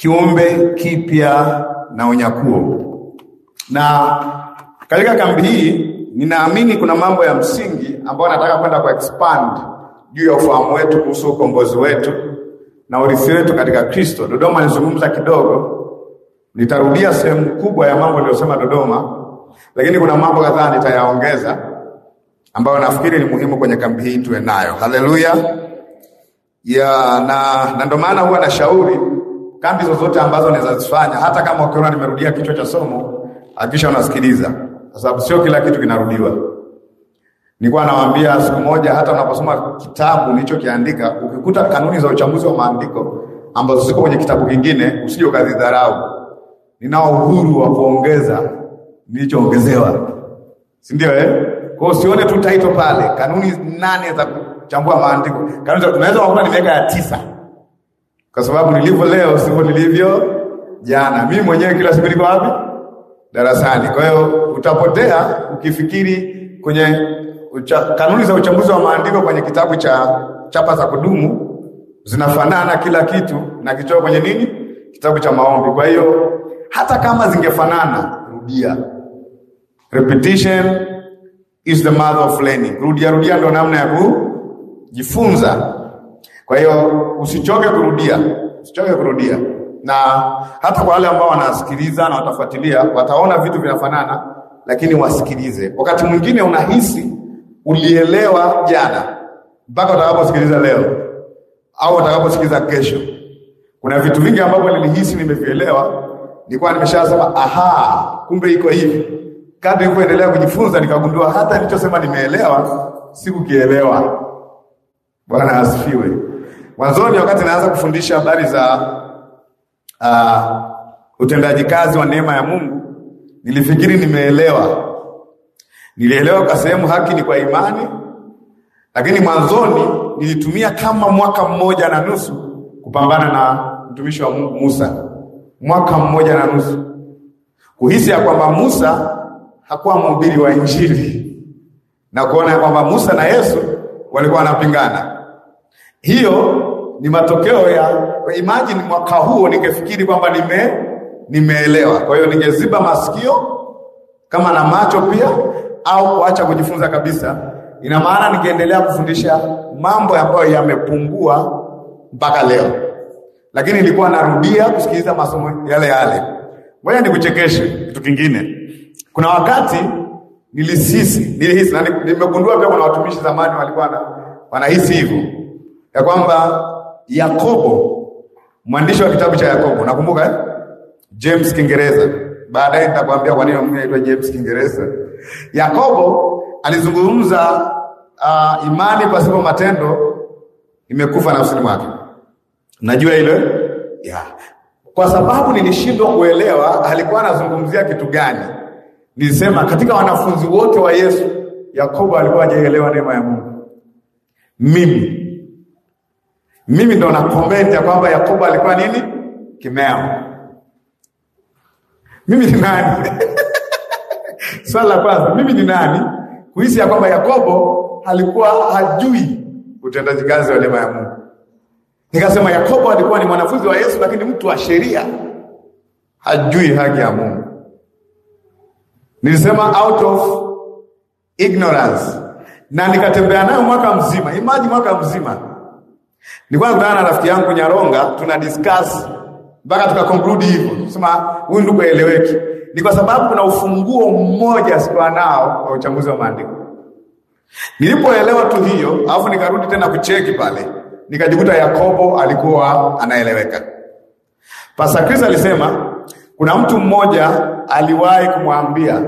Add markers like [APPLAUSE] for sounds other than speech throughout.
kiumbe kipya na unyakuo. Na katika kambi hii ninaamini kuna mambo ya msingi ambayo nataka kwenda ku expand juu ya ufahamu wetu kuhusu ukombozi wetu na urithi wetu katika Kristo. Dodoma nizungumza kidogo, nitarudia sehemu kubwa ya mambo niliyosema Dodoma, lakini kuna mambo kadhaa nitayaongeza ambayo nafikiri ni muhimu kwenye kambi hii tuwe nayo. Haleluya! ya na, na ndio maana huwa shauri kambi zozote ambazo unaweza zifanya, hata kama ukiona nimerudia kichwa cha somo, hakisha unasikiliza, kwa sababu sio kila kitu kinarudiwa. Nilikuwa nawaambia siku moja, hata unaposoma kitabu nilichokiandika, ukikuta kanuni za uchambuzi wa maandiko ambazo ziko kwenye kitabu kingine, usije ukazidharau. Ninao uhuru wa kuongeza nilichoongezewa, si ndio? Eh, kwa hiyo tu title pale, kanuni nane za kuchambua maandiko, kanuni tunaweza kuona nimeweka ya tisa kwa sababu nilivyo leo sivyo nilivyo jana. Mimi mwenyewe kila siku niko wapi? Darasani. Kwa hiyo utapotea ukifikiri kwenye ucha, kanuni za uchambuzi wa maandiko kwenye kitabu cha chapa za kudumu zinafanana kila kitu na kichoa kwenye nini, kitabu cha maombi. Kwa hiyo hata kama zingefanana, rudia. Repetition is the mother of learning. Rudia rudia, ndo namna ya kujifunza. Kwa hiyo usichoke kurudia, usichoke kurudia, na hata kwa wale ambao wanasikiliza na watafuatilia, wataona vitu vinafanana, lakini wasikilize. Wakati mwingine unahisi ulielewa jana mpaka utakaposikiliza leo au utakaposikiliza kesho. Kuna vitu vingi ambavyo nilihisi nimevielewa, nilikuwa nimeshasema aha, kumbe iko hivi. Kadri kuendelea kujifunza, nikagundua hata nilichosema nimeelewa sikukielewa. Bwana asifiwe. Mwanzoni wakati naanza kufundisha habari za uh, utendaji kazi wa neema ya Mungu, nilifikiri nimeelewa. Nilielewa kwa sehemu haki ni kwa imani, lakini mwanzoni nilitumia kama mwaka mmoja na nusu kupambana na mtumishi wa Mungu Musa, mwaka mmoja na nusu kuhisi ya kwamba Musa hakuwa mhubiri wa Injili na kuona kwamba Musa na Yesu walikuwa wanapingana. Hiyo ni matokeo ya imagine, mwaka huo ningefikiri kwamba nime nimeelewa, kwa hiyo ningeziba masikio kama na macho pia, au kuacha kujifunza kabisa. Ina maana ningeendelea kufundisha mambo ambayo yamepungua mpaka leo, lakini nilikuwa narudia kusikiliza masomo yale yale. Ngoja nikuchekeshe kitu kingine. Kuna wakati nilisisi nilihisi na nimegundua pia kuna watumishi zamani walikuwa wanahisi hivyo ya kwamba Yakobo mwandishi wa kitabu cha Yakobo, nakumbuka eh? James Kiingereza, baadaye nitakwambia kwa nini anaitwa James Kiingereza. Yakobo alizungumza uh, imani pasipo matendo imekufa nafsini mwake. Najua ile yeah. Kwa sababu nilishindwa kuelewa alikuwa anazungumzia kitu gani. Nilisema katika wanafunzi wote wa Yesu, Yakobo alikuwa hajaelewa neema ya Mungu. Mimi mimi ndo na comment ya kwamba Yakobo alikuwa nini kimeo. Mimi ni nani? [LAUGHS] swala la kwanza, mimi ni nani kuhisi ya kwamba Yakobo alikuwa hajui utendaji kazi wa neema ya Mungu? Nikasema Yakobo alikuwa ni mwanafunzi wa Yesu, lakini mtu wa sheria, hajui haki ya Mungu. Nilisema out of ignorance, na nikatembea nayo mwaka mzima. Imagine mwaka mzima Nilikuwa nakutana na rafiki yangu Nyaronga, tuna discuss mpaka conclude hivyo, sema huyu ndugu aeleweki. Ni kwa sababu kuna ufunguo mmoja sikuwa nao wa uchambuzi wa maandiko. Nilipoelewa tu hiyo, alafu nikarudi tena kucheki pale, nikajikuta Yakobo alikuwa anaeleweka. Pastor Chris alisema kuna mtu mmoja aliwahi kumwambia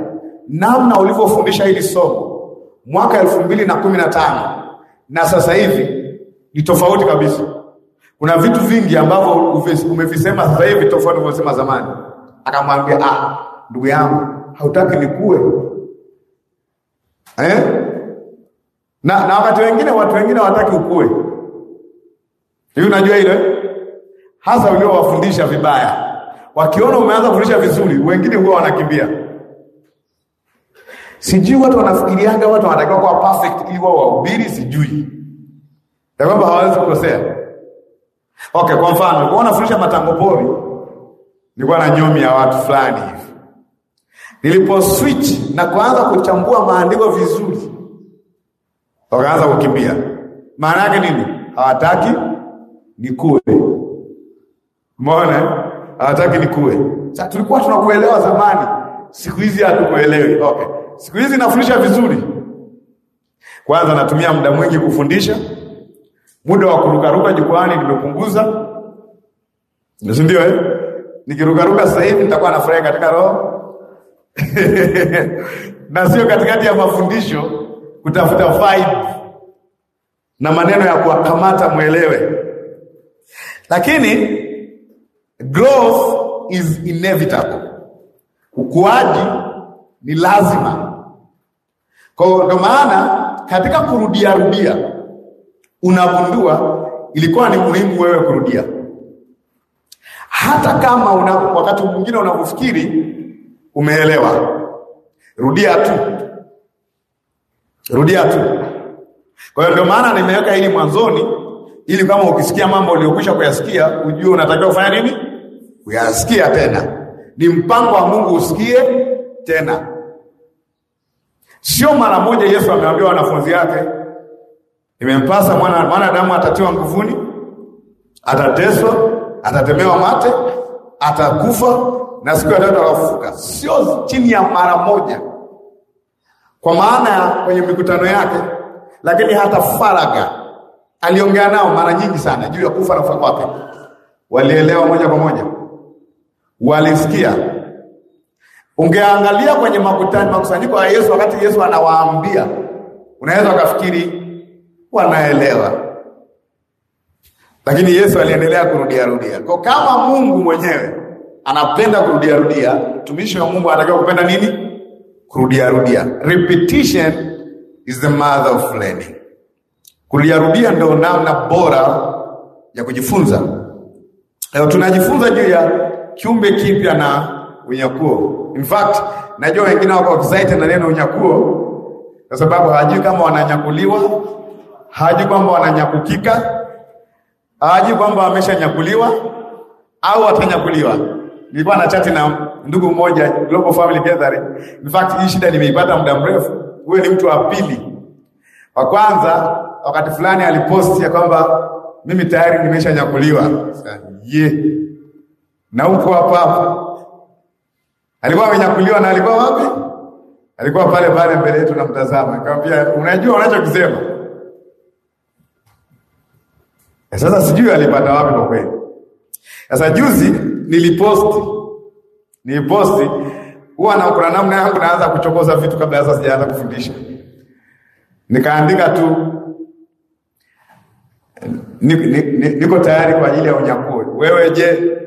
namna ulivyofundisha hili somo mwaka elfu mbili na kumi na tano na sasa hivi ni tofauti kabisa. Kuna vitu vingi ambavyo umevisema sasa hivi tofauti ulivyosema zamani. Akamwambia, ah, ndugu yangu, hautaki nikue eh? na na wakati wengine watu wengine hawataki ukue. Hivi unajua ile hasa uliowafundisha vibaya, wakiona umeanza kufundisha vizuri, wengine huwa wanakimbia. Sijui watu wanafikiriaga watu wanatakiwa kuwa perfect ili wao wahubiri, sijui ya kwamba hawawezi kukosea. Okay, kwa mfano kwa nafundisha matango pori, nilikuwa na nyomi ya watu fulani hivi, nilipo switch na kuanza kuchambua maandiko vizuri, wakaanza kukimbia. Maana yake nini? Hawataki nikue. Umeona, hawataki nikue. Sasa tulikuwa tunakuelewa zamani, siku hizi hatukuelewi. Okay, siku hizi nafundisha vizuri, kwanza natumia muda mwingi kufundisha Muda wa kurukaruka jukwani nimepunguza, si ndio eh? Nikirukaruka sasa hivi nitakuwa nafurahi katika roho [LAUGHS] na sio katikati ya mafundisho kutafuta vibe na maneno ya kuwakamata mwelewe, lakini growth is inevitable, ukuaji ni lazima. Kwa ndio maana katika kurudia rudia unagundua ilikuwa ni muhimu wewe kurudia, hata kama una, wakati mwingine unavyofikiri umeelewa. Rudia tu, rudia tu. Kwa hiyo ndio maana nimeweka hili mwanzoni, ili kama ukisikia mambo uliyokwisha kuyasikia ujue unatakiwa kufanya nini, kuyasikia tena. Ni mpango wa Mungu usikie tena, sio mara moja. Yesu ameambia wanafunzi wake Imempasa mwana mwanadamu atatiwa nguvuni, atateswa, atatemewa mate, atakufa na siku ya tatu atafufuka, sio chini ya mara moja, kwa maana kwenye mikutano yake. Lakini hata faraga aliongea nao mara nyingi sana juu ya kufa na kufa kwake, walielewa moja kwa moja, walisikia. Ungeangalia kwenye makutano, makusanyiko ya Yesu, wakati Yesu anawaambia, unaweza ukafikiri wanaelewa. Lakini Yesu aliendelea kurudia rudia. Kwa kama Mungu mwenyewe anapenda kurudia rudia, mtumishi wa Mungu anatakiwa kupenda nini? Kurudia rudia. Repetition is the mother of learning. Kurudia rudia ndio namna bora ya kujifunza. Leo tunajifunza juu ya kiumbe kipya na unyakuo. In fact, najua wengine wako excited na neno unyakuo kwa sababu hawajui kama wananyakuliwa haji kwamba wananyakukika, haji kwamba wameshanyakuliwa au watanyakuliwa. Nilikuwa na chati na ndugu mmoja Global Family Gathering. In fact, hii shida nimeipata muda mrefu. Huyo ni mtu wa pili. Wa kwanza wakati fulani aliposti ya kwamba mimi tayari nimeshanyakuliwa. Ye. Na huko hapa hapa. Alikuwa amenyakuliwa na alikuwa wapi? Alikuwa pale pale mbele yetu namtazama. Akamwambia, unajua unachokisema? Eh, sasa sijui alipata wapi kwa kweli. Sasa juzi niliposti, niliposti huwa na kuna namna yangu naanza kuchokoza vitu kabla sasa sijaanza kufundisha. Nikaandika tu niko ni, ni, ni tayari kwa ajili ya unyakuo. Wewe je?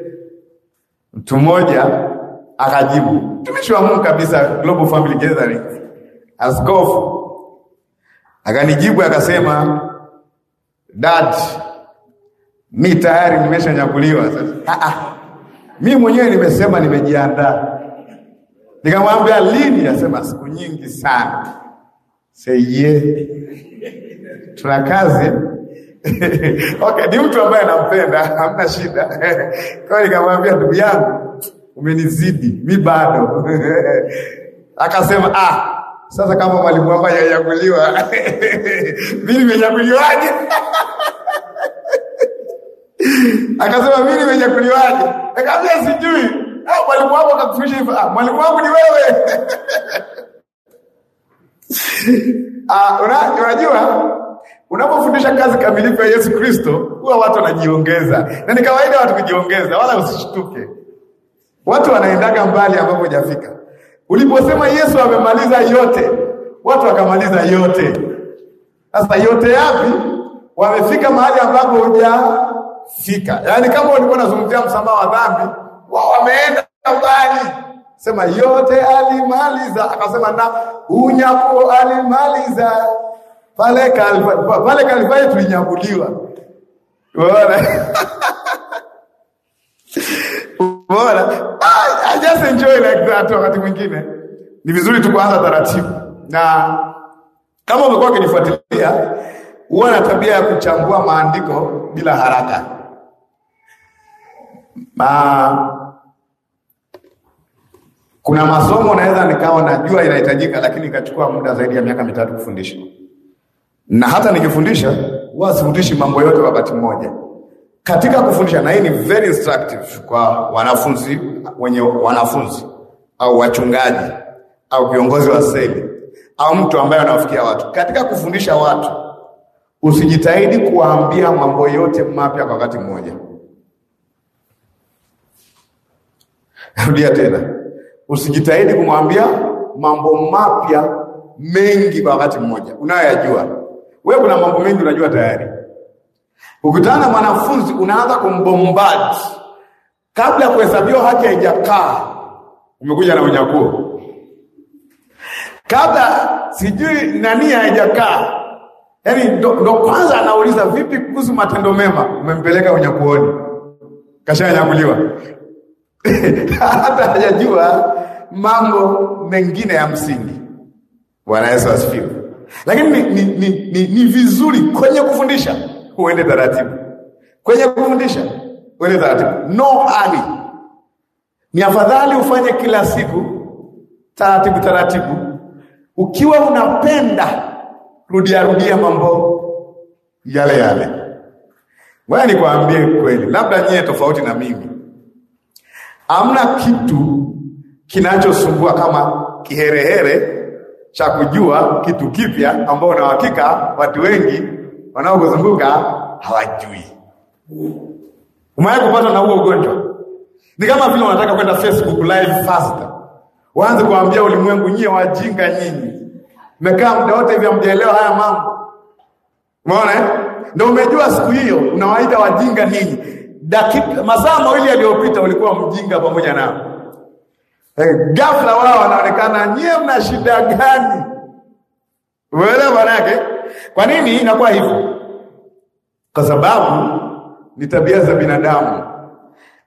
Mtu mmoja akajibu, mtumishi wa Mungu kabisa, Global Family Gathering, askofu akanijibu akasema, dad mi tayari nimeshanyakuliwa sasa. Ah, ah. Mi mwenyewe nimesema nimejiandaa, nikamwambia lini? Asema siku nyingi sana. Seye tuna kazi [LAUGHS] okay, ni mtu ambaye anampenda, hamna shida [LAUGHS] kwa nikamwambia, ndugu yangu umenizidi, mi bado [LAUGHS] akasema ah, sasa kama mwalimu wangu hajajaguliwa mi nimejaguliwaje? Akasema mimi nimenyakuliwaje? Akamwambia sijui. Ah, mwalimu wangu akakufunisha hivyo. Ah, mwalimu wangu ni wewe. [LAUGHS] Ah, unajua unapofundisha kazi kamilifu ya Yesu Kristo, huwa watu wanajiongeza, na ni kawaida watu kujiongeza, wala usishtuke. Watu wanaendaga mbali ambapo hujafika. Uliposema Yesu amemaliza yote, watu wakamaliza yote. Sasa yote yapi? Wamefika mahali ambapo huja fika. Yaani kama walikuwa nazungumzia msamaha wa dhambi, wao wameenda mbali. Sema yote alimaliza, akasema na unyapo alimaliza. Pale Kalvari, pale Kalvari tulinyakuliwa. Unaona? Bora. [LAUGHS] I just enjoy like that wakati mwingine. Ni vizuri tukuanza taratibu. Na kama umekuwa ukinifuatilia, huwa na tabia ya kuchambua maandiko bila haraka. Ma... kuna masomo naweza nikawa najua inahitajika, lakini ikachukua muda zaidi ya miaka mitatu kufundisha, na hata nikifundisha huwa sifundishi mambo yote wakati mmoja katika kufundisha, na hii ni very instructive kwa wanafunzi wenye wanafunzi au wachungaji au viongozi wa seli au mtu ambaye anawafikia watu. Katika kufundisha watu, usijitahidi kuwaambia mambo yote mapya kwa wakati mmoja. Rudia tena, usijitahidi kumwambia mambo mapya mengi kwa wakati mmoja unayoyajua wewe. Kuna mambo mengi unajua tayari. Ukutana na mwanafunzi unaanza kumbombard kabla ya kuhesabiwa haki haijakaa, umekuja na unyakuo kabla sijui nani haijakaa, yaani ndo kwanza anauliza vipi kuhusu matendo mema, umempeleka unyakuoni, kashanyakuliwa hata hajajua mambo mengine ya msingi. Bwana Yesu asifiwe. Lakini ni, ni, ni, ni, ni vizuri kwenye kufundisha uende taratibu, kwenye kufundisha uende taratibu, no hurry. Ni afadhali ufanye kila siku taratibu taratibu, ukiwa unapenda rudia rudia mambo yale yale. Wewe nikwambie kweli, labda nyie tofauti na mimi Hamna kitu kinachosumbua kama kiherehere cha kujua kitu kipya, ambao na hakika watu wengi wanaokuzunguka hawajui. Umewahi kupata na huo ugonjwa? Ni kama vile wanataka kwenda Facebook live faster, waanze kuambia ulimwengu, nyie wajinga nyinyi, mmekaa muda wote hivi hamjaelewa haya mambo. Umeona, eh? ndio umejua siku hiyo unawaita wajinga nyinyi dakika masaa mawili yaliyopita walikuwa mjinga pamoja nao. Hey, eh, ghafla wao wanaonekana, nyie mna shida gani? Wewe maana yake? Kwa nini inakuwa hivyo? Kwa sababu ni tabia za binadamu.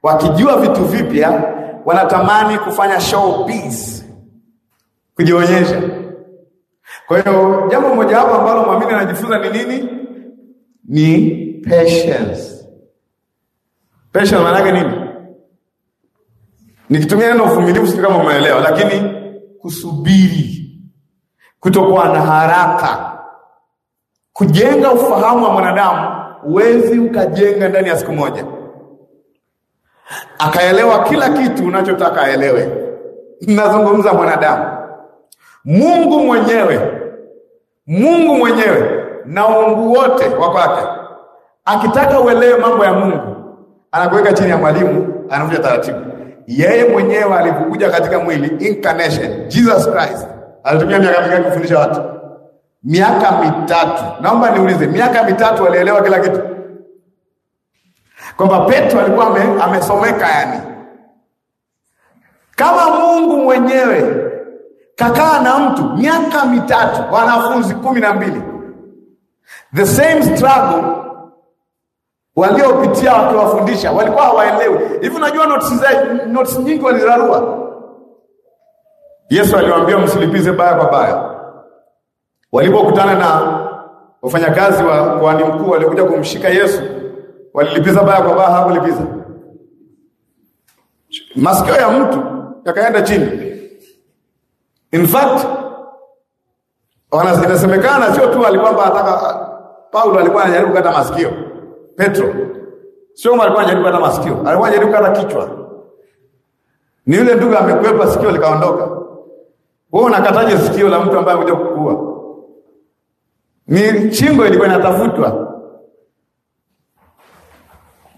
Wakijua vitu vipya, wanatamani kufanya showbiz, kujionyesha. Kwa hiyo jambo mojawapo ambalo mwamini anajifunza ni nini? Ni patience Patience maana yake nini? Nikitumia neno uvumilivu, sio kama umeelewa, lakini kusubiri, kutokuwa na haraka, kujenga ufahamu wa mwanadamu. Huwezi ukajenga ndani ya siku moja akaelewa kila kitu unachotaka aelewe. Nazungumza mwanadamu. Mungu mwenyewe, Mungu mwenyewe na uungu wote wa kwake, akitaka uelewe mambo ya Mungu anakuweka chini ya mwalimu, anavuja taratibu. Yeye mwenyewe alipokuja katika mwili incarnation, Jesus Christ alitumia miaka mingapi kufundisha watu? Miaka mitatu. Naomba niulize, miaka mitatu alielewa kila kitu? Kwamba Petro alikuwa ame, amesomeka yani, kama Mungu mwenyewe kakaa na mtu miaka mitatu, wanafunzi kumi na mbili, the same struggle waliopitia wakiwafundisha walikuwa hawaelewi. Hivi unajua notes za notes nyingi walizarua. Yesu aliwaambia msilipize baya kwa baya. Walipokutana na wafanyakazi wa kuhani mkuu walikuja kumshika Yesu, walilipiza baya kwa baya, hawakulipiza. Masikio ya mtu yakaenda chini. In fact, wanasemekana sio tu alikwamba anataka Paulo alikuwa anajaribu kata masikio Petro sio kama alikuwa anajaribu kata masikio, alikuwa anajaribu kata kichwa. Ni yule ndugu amekwepa sikio likaondoka. Wewe unakataje sikio la mtu ambaye amekuja kukua? Ni chingo ilikuwa inatafutwa.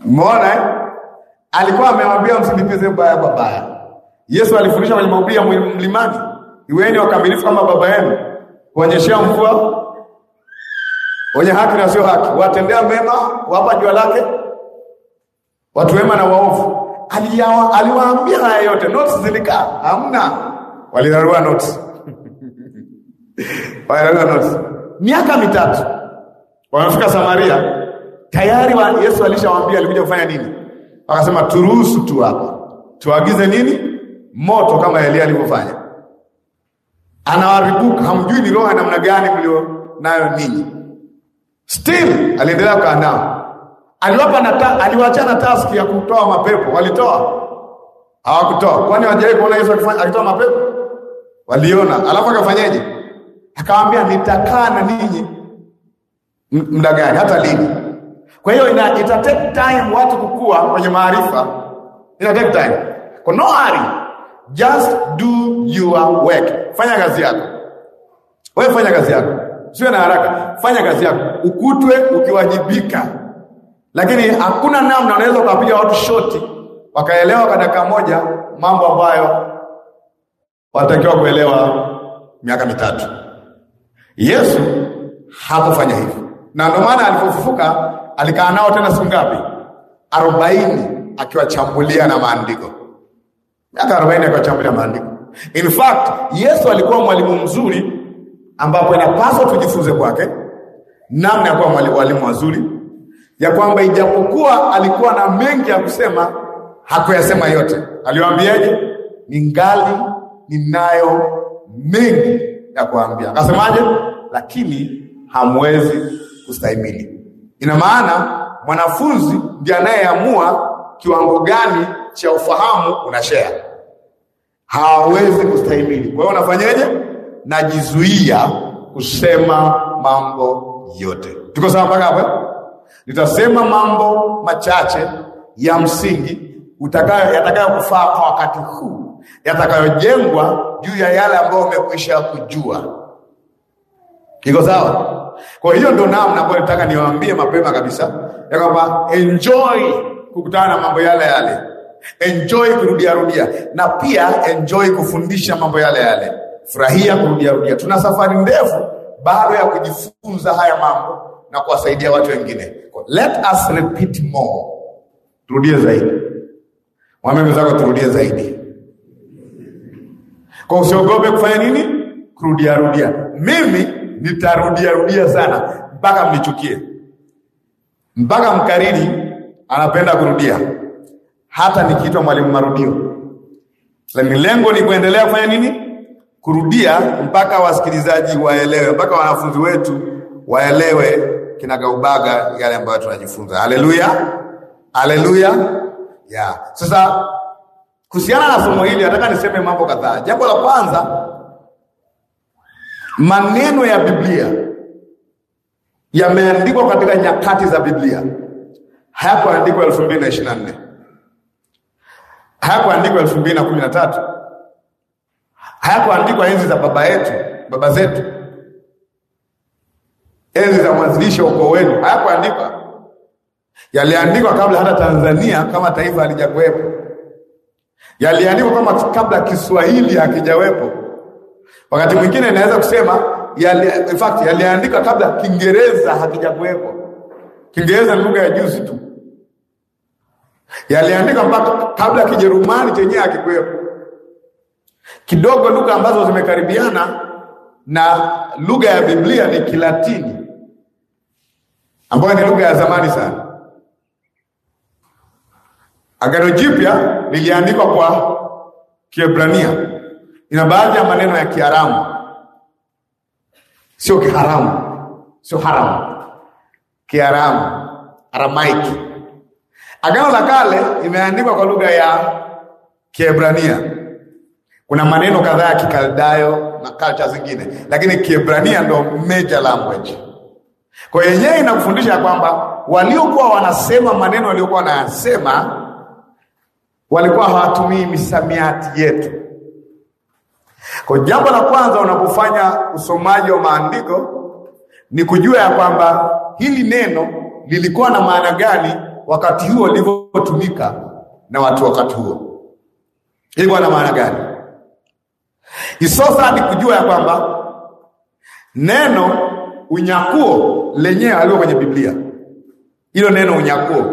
Umeona? Eh? Alikuwa amewambia msilipize baya babaya. Yesu alifundisha kwenye mahubiri ya mlimani, iweni wakamilifu kama baba yenu, kuonyeshea mvua wenye haki na sio haki, watendea mema wapa jua lake, watu wema na waovu. Aliwaambia haya yote, notes zilikaa, hamna, walirarua notes [LAUGHS] walirarua notes. Miaka mitatu wamefika Samaria, tayari wa Yesu alishawaambia alikuja kufanya nini. Akasema turuhusu tu hapa, tuagize nini, moto kama Elia alivyofanya. Anawaribuka, hamjui ni roho namna gani mlio nayo ninyi Still aliendelea kuandaa, Aliwapa na aliwaacha na taski ya kutoa mapepo. Walitoa? Hawakutoa. Kwani wajai kuona Yesu akifanya akitoa mapepo? Waliona. Alafu akafanyaje? Akawaambia nitakaa na ninyi muda gani hata lini? Kwa hiyo ina ita take time watu kukua kwenye maarifa. Ina take time. Kwa no hurry. Just do your work. Fanya kazi yako. Wewe fanya kazi yako siwe na haraka, fanya kazi yako, ukutwe ukiwajibika. Lakini hakuna namna unaweza ukapiga watu shoti wakaelewa kwa dakika moja mambo ambayo wanatakiwa kuelewa miaka mitatu. Yesu hakufanya hivyo, na ndio maana alipofufuka alikaa nao tena siku ngapi? Arobaini, akiwachambulia na maandiko. Miaka arobaini akiwachambulia maandiko. In fact Yesu alikuwa mwalimu mzuri ambapo inapaswa tujifunze kwake namna ya kuwa walimu wazuri, ya kwamba ijapokuwa alikuwa na mengi ya kusema hakuyasema yote. Aliwaambiaje? ningali ninayo mengi ya kuambia. Akasemaje? lakini hamwezi kustahimili. Ina maana mwanafunzi ndiye anayeamua kiwango gani cha ufahamu unashare. Hawezi kustahimili. Kwa hiyo unafanyaje? najizuia kusema mambo yote. Tuko sawa mpaka hapo? Eh? Nitasema mambo machache ya msingi utakayo yatakayokufaa kwa wakati huu, yatakayojengwa juu ya yale ambayo umekwisha kujua. Iko sawa? Kwa hiyo ndio namna ambayo nataka niwaambie mapema kabisa ya kwamba enjoy kukutana na mambo yale yale, enjoy kurudia rudia, na pia enjoy kufundisha mambo yale yale. Furahia kurudia rudia. Tuna safari ndefu bado ya kujifunza haya mambo na kuwasaidia watu wengine. Let us repeat more, turudie zaidi. Mwambie mwenzako turudie zaidi, kwa usiogope kufanya nini? Kurudia rudia. Mimi nitarudia rudia sana mpaka mnichukie, mpaka mkariri anapenda kurudia, hata nikiitwa mwalimu marudio. Lengo ni kuendelea kufanya nini? kurudia mpaka wasikilizaji waelewe, mpaka wanafunzi wetu waelewe kinagaubaga yale ambayo tunajifunza. Haleluya, haleluya, yeah. Sasa kuhusiana na somo hili nataka niseme mambo kadhaa. Jambo la kwanza, maneno ya Biblia yameandikwa katika nyakati za Biblia, hayakuandikwa elfu mbili na ishirini na nne hayakuandikwa elfu mbili na kumi na tatu hayakuandikwa enzi za baba yetu, baba zetu, enzi za mwanzilisho ukoo wenu, hayakuandikwa. Yaliandikwa kabla hata Tanzania kama taifa halijakuwepo, yaliandikwa kama kabla Kiswahili hakijawepo. Wakati mwingine naweza kusema yali, in fact yaliandikwa kabla Kiingereza hakijakuwepo. Kiingereza ni lugha ya juzi tu, yaliandikwa mpaka kabla Kijerumani chenyewe hakikuwepo. Kidogo lugha ambazo zimekaribiana na lugha ya Biblia ni Kilatini ambayo ni lugha ya zamani sana. Agano Jipya liliandikwa kwa Kiebrania, ina baadhi ya maneno ya Kiaramu, sio Kiharamu, sio haramu, Kiaramu, Aramaiki. Agano la Kale imeandikwa kwa lugha ya Kiebrania kuna maneno kadhaa ya Kikaldayo na kacha zingine, lakini Kiebrania ndo major language. Kwa hiyo yenyewe inakufundisha kwamba waliokuwa wanasema maneno waliokuwa wanasema walikuwa hawatumii misamiati yetu. Kwa jambo la kwanza unapofanya usomaji wa maandiko ni kujua ya kwamba hili neno lilikuwa na maana gani wakati huo lilivyotumika na watu wakati huo, ilikuwa na maana gani? Isosa kujua ya kwamba neno unyakuo lenyewe alio kwenye Biblia, hilo neno unyakuo.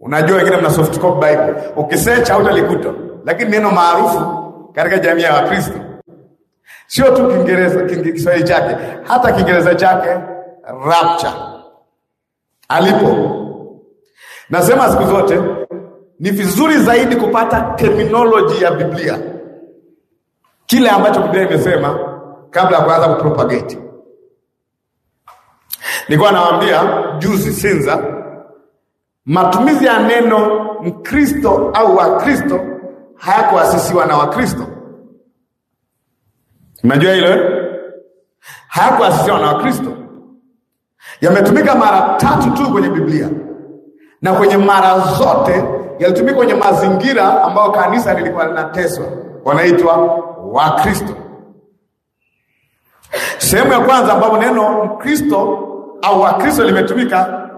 Unajua wengine mna soft copy Bible, ukisearch hautalikuta, lakini neno maarufu katika jamii ya Wakristo sio tu Kiingereza, Kiswahili chake, hata Kiingereza chake rapture alipo. Nasema siku zote ni vizuri zaidi kupata terminology ya Biblia kile ambacho Biblia imesema kabla ya kuanza kupropagate. Nilikuwa nawaambia juzi Sinza, matumizi ya neno Mkristo au Wakristo hayakuasisiwa na Wakristo. Unajua hilo eh? Hayakuasisiwa na Wakristo, yametumika mara tatu tu kwenye Biblia na kwenye mara zote yalitumika kwenye mazingira ambayo kanisa lilikuwa linateswa wanaitwa Wakristo. Sehemu ya kwanza ambapo neno Mkristo au Wakristo limetumika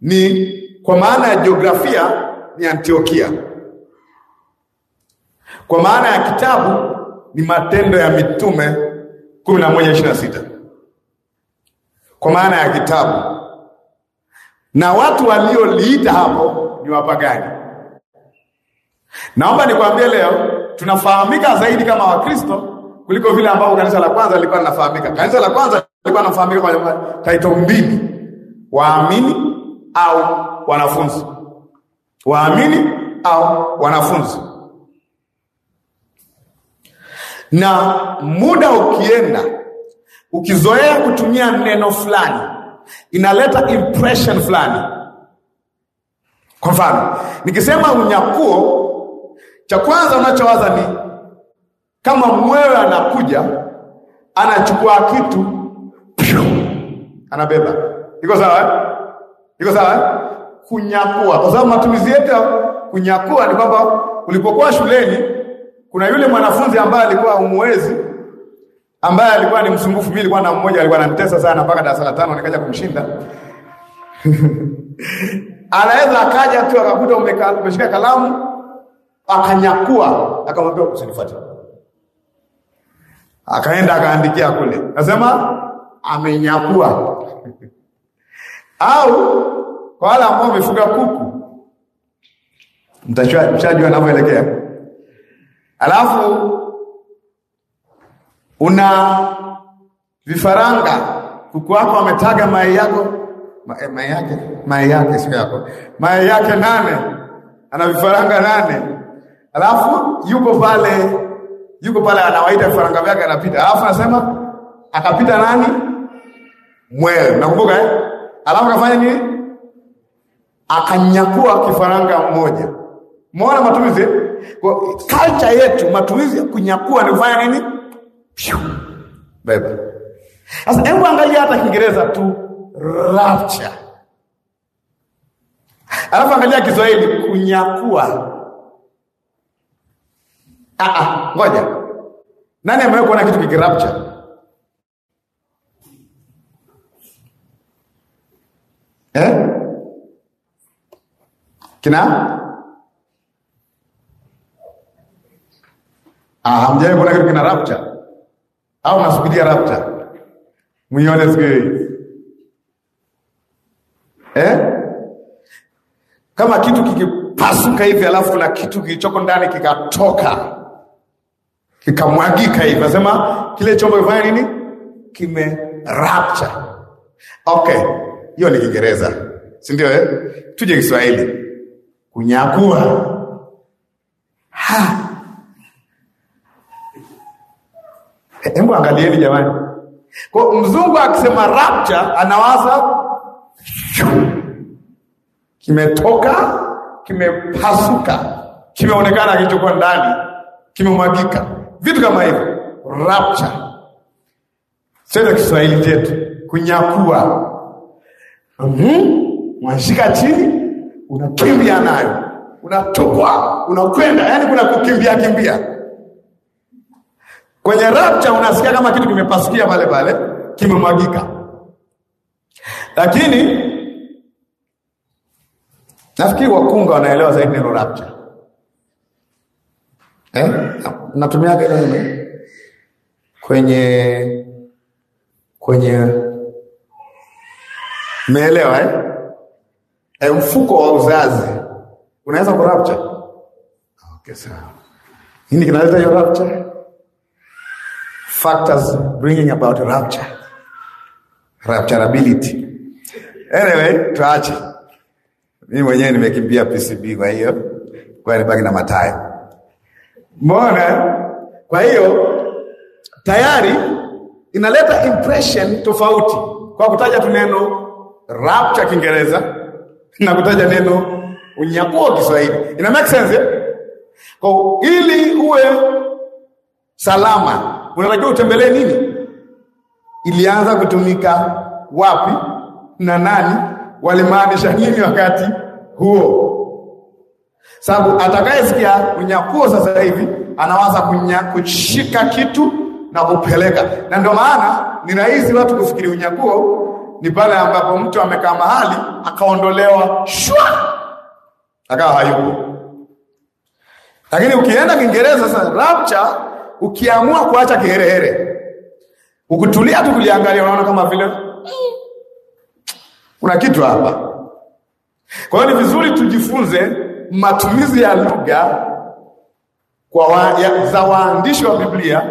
ni kwa maana ya jiografia ni Antiokia, kwa maana ya kitabu ni Matendo ya Mitume 11:26 kwa maana ya kitabu, na watu walioliita hapo ni wapagani. Naomba nikwambie leo tunafahamika zaidi kama Wakristo kuliko vile ambavyo kanisa la kwanza lilikuwa linafahamika. Kanisa la kwanza lilikuwa linafahamika kwa taito mbili, waamini au wanafunzi, waamini au wanafunzi. Na muda ukienda, ukizoea kutumia neno fulani, inaleta impression fulani. Kwa mfano, nikisema unyakuo cha kwanza unachowaza ni kama mwewe anakuja anachukua kitu anabeba. Iko sawa eh? Iko sawa eh? Kunyakua, kwa sababu matumizi yetu ya kunyakua ni kwamba ulipokuwa shuleni kuna yule mwanafunzi ambaye alikuwa umwezi ambaye alikuwa ni msumbufu. Mimi nilikuwa na mmoja alikuwa ananitesa sana mpaka darasa la tano nikaja kumshinda. [LAUGHS] Anaweza akaja tu akakuta umeshika kalamu akanyakua akamwambia usinifuate akaenda akaandikia kule nasema amenyakua [LAUGHS] au kwa wale ambao wamefuga kuku mtashajua anavyoelekea alafu una vifaranga kuku wako ametaga mayai yako eh, mayai yake mayai yake sio yako mayai yake nane ana vifaranga nane Alafu yuko pale yuko pale anawaita vifaranga vyake anapita. Alafu anasema akapita nani? Mwewe. Nakumbuka eh? Alafu akafanya nini? Akanyakua kifaranga mmoja. Muona matumizi? Eh? Kwa culture yetu matumizi ya kunyakua ni kufanya nini? Baba. Sasa hebu angalia hata Kiingereza tu rapture. Alafu angalia Kiswahili kunyakua. Ah, ah, ngoja, nani amewahi kuona kitu kikirapture? Eh? Kina? Ah, hamjawahi kuona kitu kina rapture? Au nasubiria rapture? Muione siku hii. Eh? Kama kitu kikipasuka hivi alafu na kitu kilichoko ndani kikatoka kikamwagika hivi. Nasema kile chombo kifanya nini? Kime rapture. Okay, hiyo ni Kiingereza, si ndio? Eh, tuje Kiswahili, kunyakua ha eh, Hebu angalieni jamani, kwa mzungu akisema rapture anawaza kimetoka, kimepasuka, kimeonekana kilichokuwa ndani, kimemwagika vitu kama hivyo rapture, Sasa Kiswahili chetu kunyakua. mm-hmm. chini, unakimbia nayo, unatokwa, unakwenda, yaani kuna kukimbia kimbia kwenye rapture. Unasikia kama kitu kimepasikia pale pale, kimemwagika. Lakini nafikiri wakunga wanaelewa zaidi neno rapture eh? natumia hilo neno kwenye kwenye, umeelewa eh? E, mfuko wa uzazi unaweza ku rapture. Okay, sawa. Nini kinaleta hiyo rapture? Factors bringing about rapture. Rapturability. Anyway, tuache. Mimi mwenyewe nimekimbia PCB kwa hiyo kwa nibaki na matayo Mbona? Kwa hiyo tayari inaleta impression tofauti kwa kutaja tu neno rapture Kiingereza [LAUGHS] na kutaja neno unyakuo Kiswahili. Ina make sense eh? Kwa ili uwe salama unatakiwa utembelee nini? Ilianza kutumika wapi na nani? Walimaanisha nini wakati huo? sababu atakayesikia unyakuo sasa hivi anawaza kunya, kushika kitu na kupeleka, na ndio maana ni rahisi watu kufikiri unyakuo ni pale ambapo mtu amekaa mahali akaondolewa shwa akawa hayupo. Lakini ukienda Kiingereza sasa rapture, ukiamua kuacha kiherehere, ukutulia tu kuliangalia, unaona kama vile eh, kuna kitu hapa. Kwa hiyo ni vizuri tujifunze matumizi ya lugha kwa wa, ya, za waandishi wa Biblia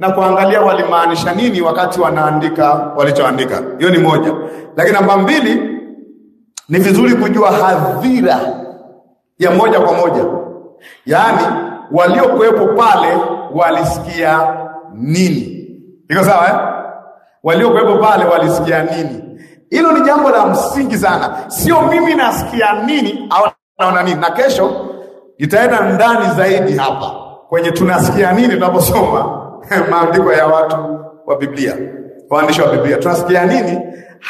na kuangalia walimaanisha nini wakati wanaandika walichoandika. Hiyo ni moja, lakini namba mbili ni vizuri kujua hadhira ya moja kwa moja, yaani waliokuwepo pale walisikia nini. Iko sawa eh? Waliokuwepo pale walisikia nini? Hilo ni jambo la msingi sana, sio mimi nasikia nini au naona nini, na kesho itaenda ndani zaidi hapa kwenye tunasikia nini tunaposoma [LAUGHS] maandiko ya watu wa Biblia, waandishi wa Biblia, tunasikia nini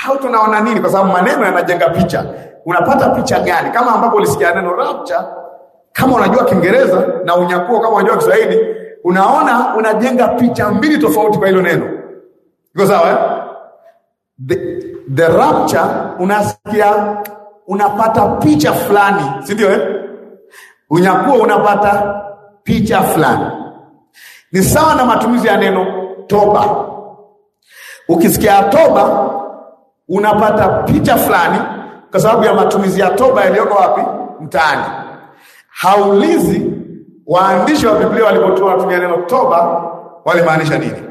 au tunaona nini, kwa sababu maneno yanajenga picha. Unapata picha gani? Kama ambapo ulisikia neno rapture, kama unajua Kiingereza na unyakuo, kama unajua Kiswahili, unaona unajenga picha mbili tofauti kwa hilo neno. Iko sawa eh? The, the rapture unasikia unapata picha fulani, si ndio eh? Unyakuwa unapata picha fulani. Ni sawa na matumizi ya neno toba. Ukisikia toba unapata picha fulani kwa sababu ya matumizi ya toba yaliyoko wapi? Mtaani. Haulizi waandishi wa Biblia walipotoa tumia neno toba walimaanisha nini?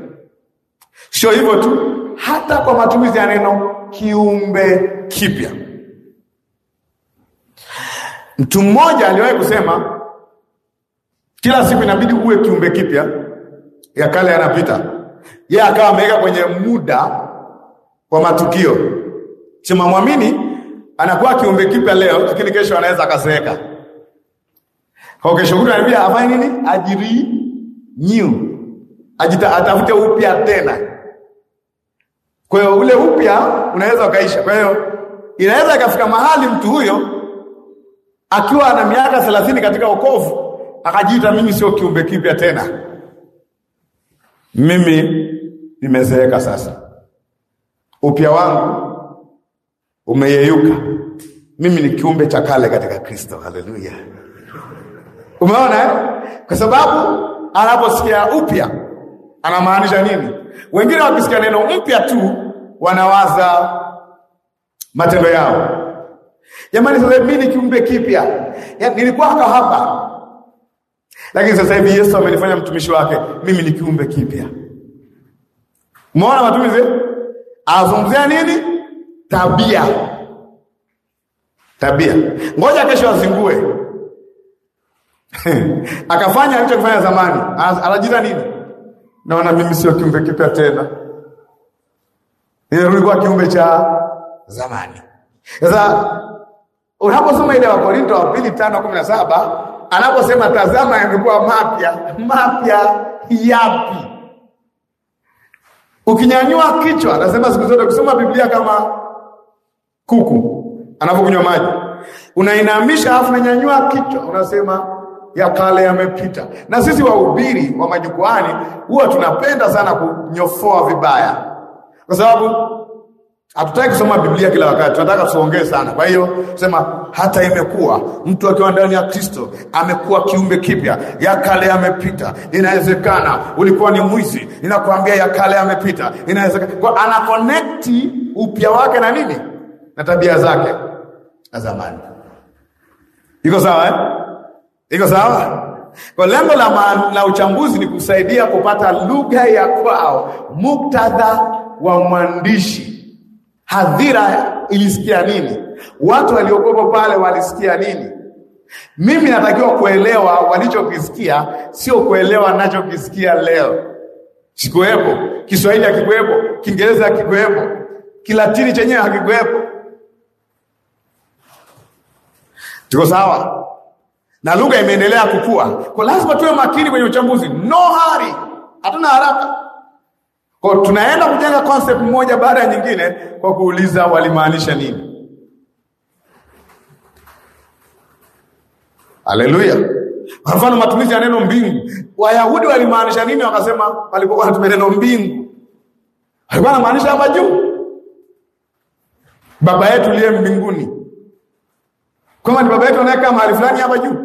Sio hivyo tu, hata kwa matumizi ya neno kiumbe kipya Mtu mmoja aliwahi kusema kila siku inabidi uwe kiumbe kipya, ya kale yanapita. Yeye ya akawa ameweka kwenye muda wa matukio, chema, mwamini anakuwa kiumbe kipya leo, lakini kesho anaweza akazeeka. Kwa kesho kutwa anabia afanye nini? Ajiri new, ajita atafute upya tena. Kwa hiyo ule upya unaweza ukaisha. Kwa hiyo inaweza ikafika mahali mtu huyo akiwa ana miaka thelathini katika wokovu akajiita mimi sio kiumbe kipya tena, mimi nimezeeka sasa, upya wangu umeyeyuka, mimi ni kiumbe cha kale katika Kristo. Haleluya! Umeona, eh? kwa sababu anaposikia upya anamaanisha nini? Wengine wakisikia neno mpya tu wanawaza matendo yao Jamani, sasa mimi ni kiumbe kipya, nilikuwa kahaba, lakini sasa hivi Yesu amenifanya mtumishi wake, mimi ni kiumbe kipya. Umeona matumizi azungumzia nini? Tabia, tabia. Ngoja kesho azingue [LAUGHS] akafanya alichokifanya zamani, anajiza nini? Naona mimi sio kiumbe kipya tena, kwa kiumbe cha zamani. Sasa Unaposoma ile Wakorinto wa pili tano kumi na saba anaposema tazama, yamekuwa mapya. Mapya yapi? Ukinyanyua kichwa, nasema siku zote kusoma Biblia kama kuku anapokunywa maji, unainamisha afu unanyanyua kichwa, unasema ya kale yamepita. Na sisi wahubiri wa, wa huwa tunapenda sana kunyofoa vibaya, kwa sababu Hatutaki kusoma Biblia kila wakati, tunataka tuongee sana. Kwa hiyo sema hata imekuwa mtu akiwa ndani ya Kristo amekuwa kiumbe kipya, ya kale yamepita. Inawezekana ulikuwa ni mwizi, ninakwambia ya kale yamepita. Inawezekana kwa ana connect upya wake na nini na tabia zake na zamani. Iko sawa eh? Iko sawa. Kwa lengo la, la uchambuzi ni kusaidia kupata lugha ya kwao, muktadha wa mwandishi Hadhira ilisikia nini? Watu waliokuwa pale walisikia nini? Mimi natakiwa kuelewa walichokisikia, sio kuelewa nachokisikia leo. Sikuwepo, Kiswahili hakikuwepo, Kiingereza hakikuwepo, Kilatini chenyewe hakikuwepo. Tuko sawa? Na lugha imeendelea kukua, kwa lazima tuwe makini kwenye uchambuzi. No hurry, hatuna haraka. Kwa tunaenda kujenga concept moja baada ya nyingine kwa kuuliza walimaanisha nini. Haleluya. Kwa mfano matumizi ya neno mbingu, Wayahudi walimaanisha nini? Wakasema walipokuwa wanatumia neno mbingu, alikuwa anamaanisha hapa juu, baba yetu liye mbinguni, kwamba ni baba yetu anayekaa mahali fulani hapa juu.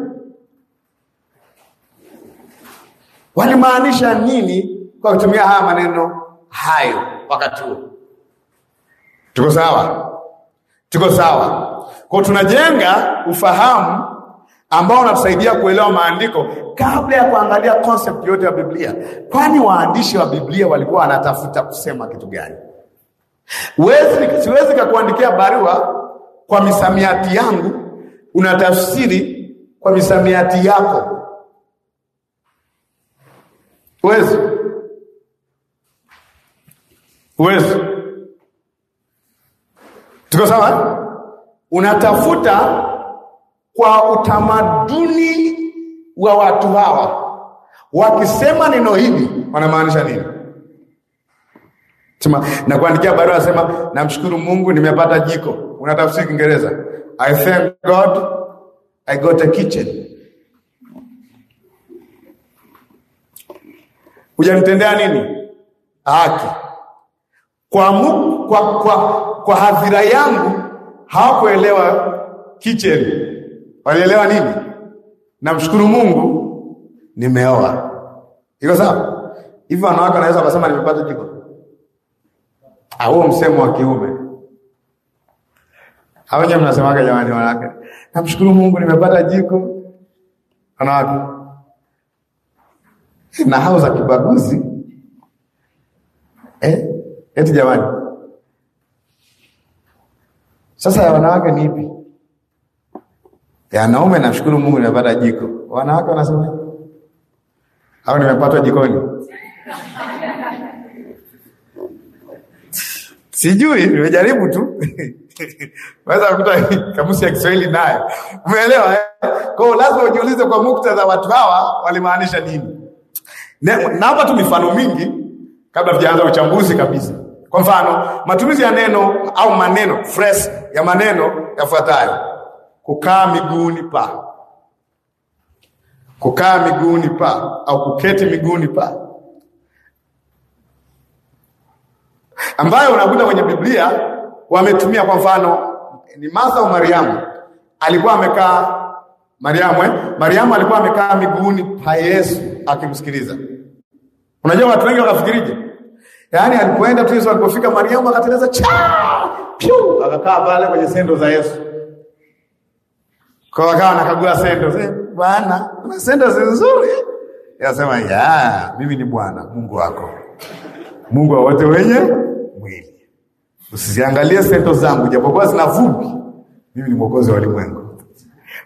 Walimaanisha nini kwa kutumia haya maneno hayo wakati huo. Tuko sawa? Tuko sawa? Kwa tunajenga ufahamu ambao unatusaidia kuelewa maandiko kabla ya kuangalia concept yote ya Biblia. Kwani waandishi wa Biblia walikuwa wanatafuta kusema kitu gani? Wezi, siwezi kakuandikia barua kwa misamiati yangu, unatafsiri kwa misamiati yako. Wezi uwezo. Tuko sawa? Unatafuta kwa utamaduni wa watu hawa, wakisema neno hili wanamaanisha nini? Sema na kuandikia barua, asema namshukuru Mungu nimepata jiko. Unatafsiri Kiingereza, I thank God I got a kitchen. Hujanitendea nini? Haki kwa, mu, kwa, kwa, kwa hadhira yangu hawakuelewa kicheni, walielewa nini? Namshukuru Mungu nimeoa. Iko sawa hivyo? Wanawake wanaweza wakasema nimepata jiko au ah, msemo wa kiume hawenye mnasemaga jamani, wanawake, namshukuru Mungu nimepata jiko. Wanawake na hao za kibaguzi eh? Eti jamani, sasa ya wanawake ni ipi? Ya wanaume namshukuru Mungu nimepata jiko. Wanawake wanasema au nimepatwa jikoni sijui, nimejaribu tu [LAUGHS] naweza kukuta kamusi ya Kiswahili nayo umeelewa eh? Kwa lazima ujiulize kwa muktadha watu hawa walimaanisha nini. hapa tu mifano mingi kabla tujaanza uchambuzi kabisa. Kwa mfano, matumizi ya neno au maneno fresh ya maneno yafuatayo: kukaa miguuni pa, kukaa miguuni pa, au kuketi miguuni pa, ambayo unakuta kwenye Biblia wametumia. Kwa mfano, ni Martha au Mariamu alikuwa amekaa Mariamu, eh? Mariamu alikuwa amekaa miguuni pa Yesu akimsikiliza. Unajua watu wengi wakafikirije? Yaani alipoenda tu Yesu alipofika Mariamu akatengeneza cha piu akakaa pale kwenye sendo za Yesu. Kwa akawa anakagua sendo, eh, bwana, una sendo nzuri. Yasema, "Ya, mimi ni Bwana Mungu wako." Mungu wa wote wenye mwili. Usiziangalie sendo zangu japokuwa zina vumbi. Mimi ni mwokozi wa ulimwengu.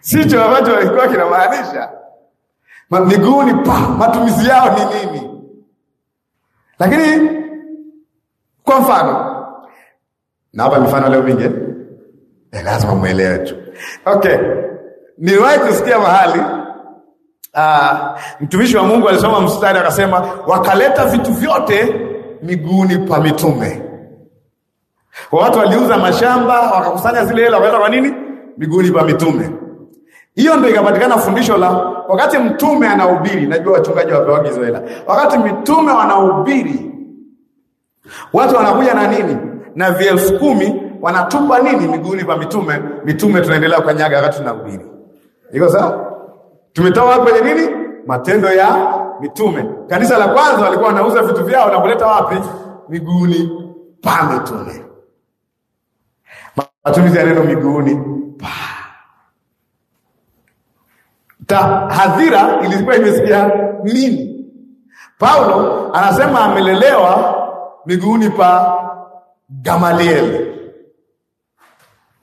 Sicho ambacho alikuwa kinamaanisha. Miguu ni pa matumizi yao ni nini? Lakini kwa mfano na hapa mifano leo mingi eh, eh lazima muelewe tu. Okay, niliwahi kusikia mahali uh, mtumishi wa Mungu alisoma mstari akasema, wakaleta vitu vyote miguuni pa mitume. Watu waliuza mashamba wakakusanya zile hela wakaenda kwa nini? Miguuni pa mitume. Hiyo ndio ikapatikana fundisho la wakati mtume anahubiri. Najua wachungaji wapewa hizo hela, wakati mitume wanahubiri Watu wanakuja na nini? Na elfu kumi wanatupa nini miguuni pa mitume? Mitume tunaendelea kukanyaga wakati tunahubiri. Iko sawa? Tumetoa wapi kwenye nini? Matendo ya Mitume. Kanisa la kwanza walikuwa wanauza vitu vyao na kuleta wapi? Miguuni pa mitume. Matumizi ya neno miguuni pa. Ta hadhira ilikuwa imesikia nini? Paulo anasema amelelewa miguuni pa Gamaliel.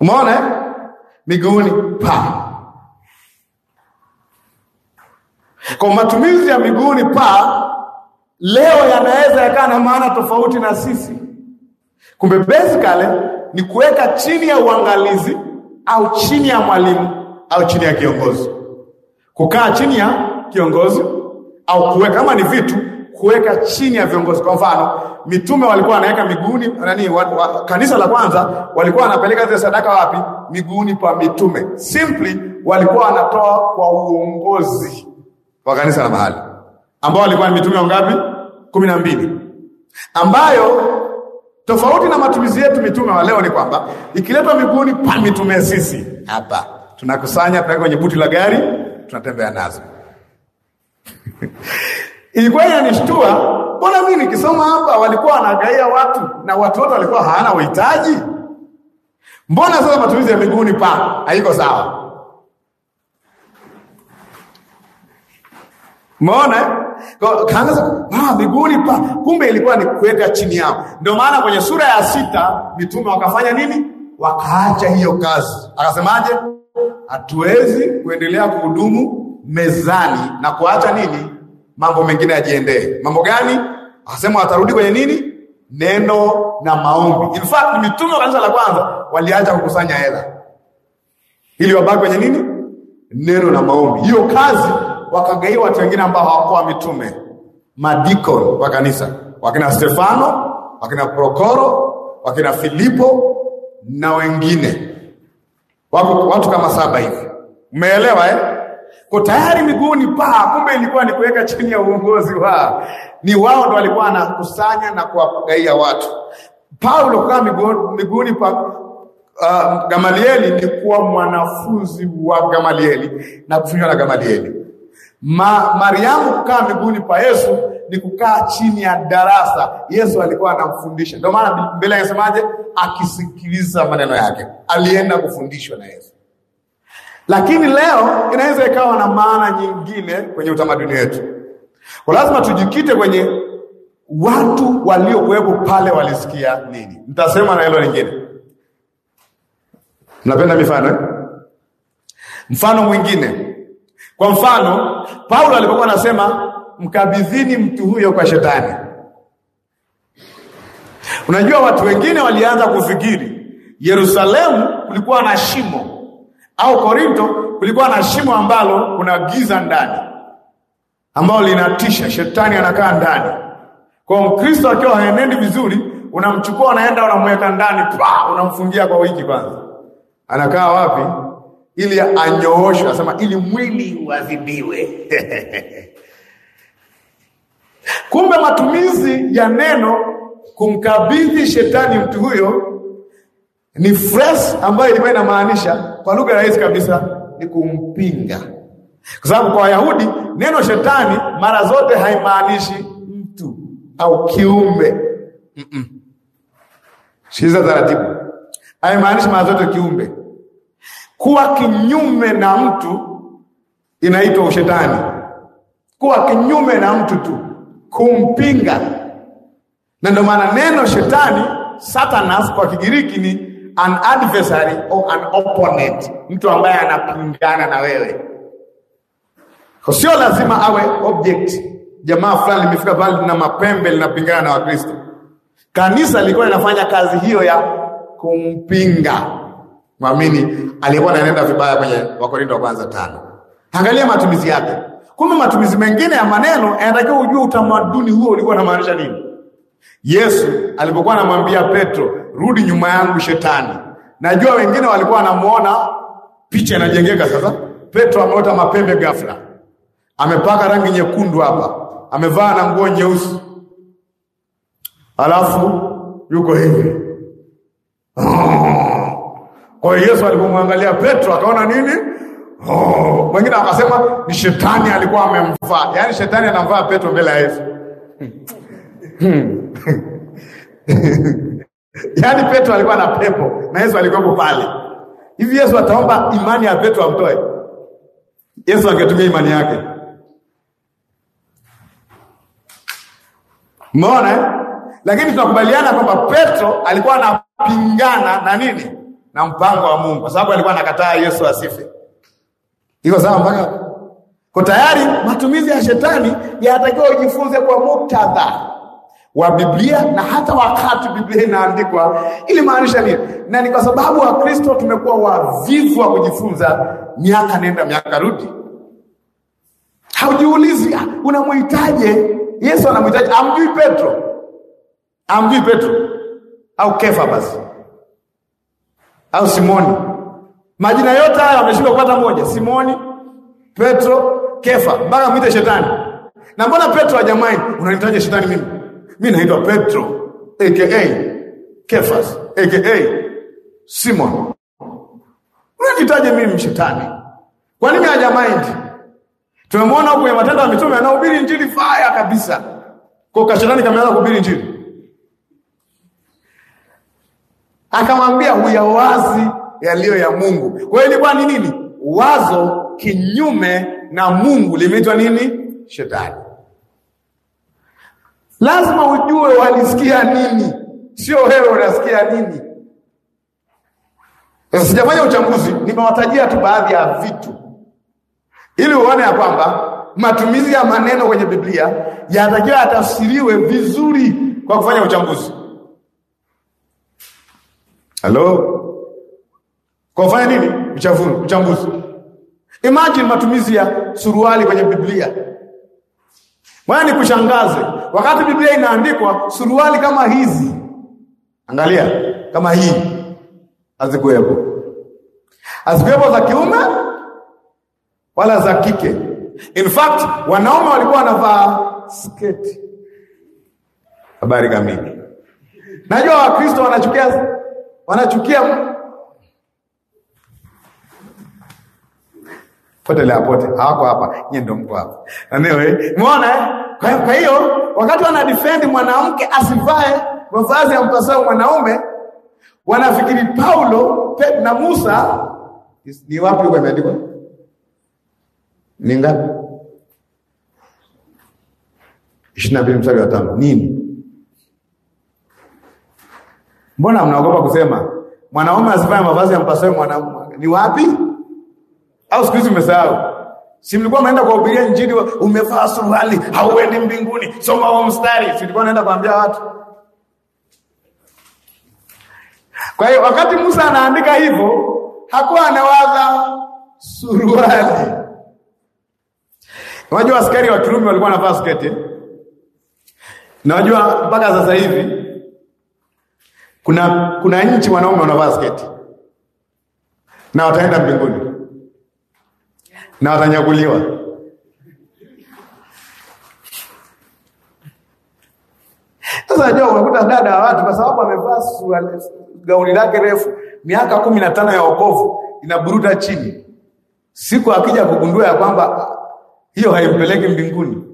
Umeona, eh? miguuni pa kwa matumizi ya miguuni pa leo yanaweza yakawa na maana tofauti na sisi. Kumbe basically ni kuweka chini ya uangalizi au chini ya mwalimu au chini ya kiongozi, kukaa chini ya kiongozi au kuweka, kama ni vitu kuweka chini ya viongozi. Kwa mfano, mitume walikuwa wanaweka miguuni nani wa, wa, kanisa la kwanza walikuwa wanapeleka zile sadaka wapi? Miguuni pa mitume. Simply walikuwa wanatoa kwa uongozi wa kanisa la mahali, ambao walikuwa ni mitume wangapi? kumi na mbili, ambayo tofauti na matumizi yetu mitume wa leo ni kwamba ikiletwa miguuni pa mitume, sisi hapa tunakusanya, tunaweka kwenye buti la gari, tunatembea nazo [LAUGHS] Ilikuwa inanishtua, mbona mimi nikisoma hapa walikuwa wanagaia watu na watu wote walikuwa hawana uhitaji? Mbona sasa matumizi ya miguuni pa haiko sawa? Maona eh? kaanza ah, miguuni pa, kumbe ilikuwa ni kuweka chini yao. Ndio maana kwenye sura ya sita mitume wakafanya nini? Wakaacha hiyo kazi, akasemaje? Hatuwezi kuendelea kuhudumu mezani na kuacha nini mambo mengine yajiendee. Mambo gani? Asema watarudi kwenye nini? Neno na maombi. In fact, mitume wa kanisa la kwanza walianza kukusanya hela ili wabaki kwenye nini? Neno na maombi. Hiyo kazi wakagaiwa watu wengine ambao hawakuwa mitume, madikon wa kanisa, wakina Stefano, wakina Prokoro, wakina Filipo na wengine watu kama saba hivi. Umeelewa eh? Kwa tayari miguuni paa, kumbe ilikuwa ni kuweka chini ya uongozi wao. Ni wao ndo walikuwa anakusanya na kuwagaia watu. Paulo kaa miguuni pa uh, Gamalieli ni kuwa mwanafunzi wa Gamalieli na kufundishwa na Gamalieli. Ma, Mariamu kukaa miguuni pa Yesu ni kukaa chini ya darasa. Yesu alikuwa anamfundisha, ndio maana mbele anasemaje? Akisikiliza maneno yake, alienda kufundishwa na Yesu lakini leo inaweza ikawa na maana nyingine kwenye utamaduni wetu. Kwa lazima tujikite kwenye watu waliokuwepo pale walisikia nini. Nitasema na hilo lingine. Napenda mifano eh? Mfano mwingine, kwa mfano Paulo alipokuwa anasema mkabidhini mtu huyo kwa shetani. Unajua, watu wengine walianza kufikiri Yerusalemu kulikuwa na shimo au Korinto kulikuwa na shimo ambalo kuna giza ndani ambalo linatisha, shetani anakaa ndani. Kwa Mkristo akiwa haenendi vizuri, unamchukua unaenda, unamweka ndani pa, unamfungia kwa wiki kwanza. Anakaa wapi? Ili anyooshwe, anasema ili mwili uadhibiwe. [LAUGHS] Kumbe matumizi ya neno kumkabidhi shetani mtu huyo ni phrase ambayo ilikuwa inamaanisha kwa lugha rahisi kabisa ni kumpinga, kwa sababu kwa Wayahudi neno shetani mara zote haimaanishi mtu au kiumbe mm -mm. Shiza taratibu, haimaanishi mara zote kiumbe. Kuwa kinyume na mtu inaitwa ushetani, kuwa kinyume na mtu tu, kumpinga. Na ndio maana neno shetani, satanas, kwa Kigiriki ni an adversary or an opponent, mtu ambaye anapingana na wewe. Sio lazima awe object. Jamaa fulani limefika pale na mapembe linapingana na Wakristo. Kanisa lilikuwa linafanya kazi hiyo ya kumpinga mwamini aliyekuwa anaenda vibaya kwenye Wakorinto wa kwanza tano. Angalia matumizi yake. Kumbe matumizi mengine ya maneno yanatakiwa ujue utamaduni huo ulikuwa unamaanisha nini. Yesu alipokuwa anamwambia Petro, rudi nyuma yangu shetani. Najua wengine walikuwa wanamuona, picha inajengeka sasa. Petro ameota mapembe ghafla, amepaka rangi nyekundu hapa, amevaa na nguo nyeusi, alafu yuko hivi. [LAUGHS] Kwa hiyo Yesu alipomwangalia Petro akaona nini? Oh, [LAUGHS] wengine wakasema ni shetani alikuwa amemvaa, yaani shetani anamvaa Petro mbele ya Yesu. Hmm. [LAUGHS] Yaani Petro alikuwa na pepo na Yesu alikuwa pale. Hivi Yesu ataomba imani ya Petro amtoe? Yesu angetumia imani yake. Umeona? Eh? Lakini tunakubaliana kwamba Petro alikuwa anapingana na nini? Na mpango wa Mungu, kwa sababu alikuwa anakataa Yesu asife. Iko sawa mpaka? Kwa tayari matumizi ya shetani yanatakiwa ujifunze kwa muktadha wa Biblia na hata wakati Biblia inaandikwa maanisha nini, na ni kwa sababu Wakristo tumekuwa wavivu wa kujifunza, miaka nenda miaka rudi, haujiulizi ah, unamhitaje Yesu. Anamhitaji amjui Petro, amjui Petro au Kefa basi au Simoni. Majina yote haya wameshindwa kupata moja, Simoni, Petro, Kefa, mpaka mwite shetani. Na mbona Petro hajamwai? Unanitaja shetani mimi mimi naitwa Petro aka Kefas aka Simon. Unajitaje mimi mshetani? Kwa nini hajamind? Tumemwona huko kwenye Matendo ya Mitume anahubiri injili faya kabisa. Kwa kashetani kameanza kuhubiri injili. Akamwambia wazi yaliyo ya Mungu. Kwa hiyo ilikuwa ni nini? Wazo kinyume na Mungu limeitwa nini? Shetani. Lazima ujue walisikia nini, sio wewe unasikia nini. Sasa eh, sijafanya uchambuzi, nimewatajia tu baadhi ya vitu ili uone ya kwamba matumizi ya maneno kwenye Biblia yanatakiwa yatafsiriwe vizuri kwa kufanya uchambuzi. Halo, kwa kufanya nini? Uchambuzi. Imagine matumizi ya suruali kwenye Biblia. mwana nikushangaze wakati Biblia inaandikwa suruali kama hizi, angalia kama hii hazikuwepo, hazikuwepo za kiume wala za kike. In fact wanaume walikuwa wanavaa sketi. Habari kamili. Najua Wakristo wanachukia wanachukia potele apote hawako hapa, nyie ndio mko hapa, Anyway, mwona eh? eh? Kwa hiyo wakati wana defend mwanamke asivae mavazi ya mpasao mwanaume, wanafikiri Paulo pe, na Musa ni wapi ilikuwa imeandikwa? Ni ngapi? Ishirini na mbili mstari wa tano. Nini? Mbona mnaogopa kusema mwanaume asivae mavazi ya mpasao mwanaume? Ni wapi? Au siku hizi Si mlikuwa mnaenda kuhubiria Injili, umevaa suruali, hauendi mbinguni, soma huo mstari. Si mlikuwa mnaenda kuambia watu? Kwa hiyo wakati Musa anaandika hivyo, hakuwa anawaza suruali. Unajua askari wa Kirumi walikuwa wanavaa sketi. Na unajua mpaka sasa hivi kuna kuna nchi wanaume wanavaa sketi. Na wataenda mbinguni na watanyakuliwa. Sasa najua unakuta dada wa watu, kwa sababu amevaa gauni lake refu, miaka kumi na tano ya wokovu inaburuta chini, siku akija kugundua ya kwamba ah, hiyo haimpeleki mbinguni,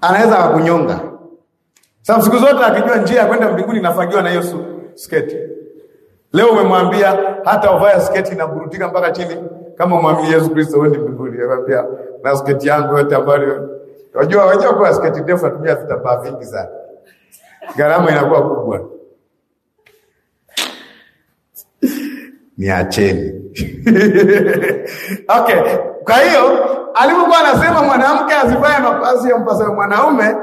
anaweza akakunyonga. Sababu siku zote akijua njia ya kwenda mbinguni inafagiwa na hiyo sketi. Leo umemwambia hata uvaya sketi inaburutika mpaka chini, kama mwamini Yesu Kristo wote mbinguni. Anawaambia na sketi yangu yote ambayo wajua wajua kwa sketi ndefu atumia vitambaa vingi sana. Gharama inakuwa kubwa. Niacheni. [LAUGHS] Okay, kwa hiyo alipokuwa anasema mwanamke azivae mavazi ya mpasa ya mwanaume,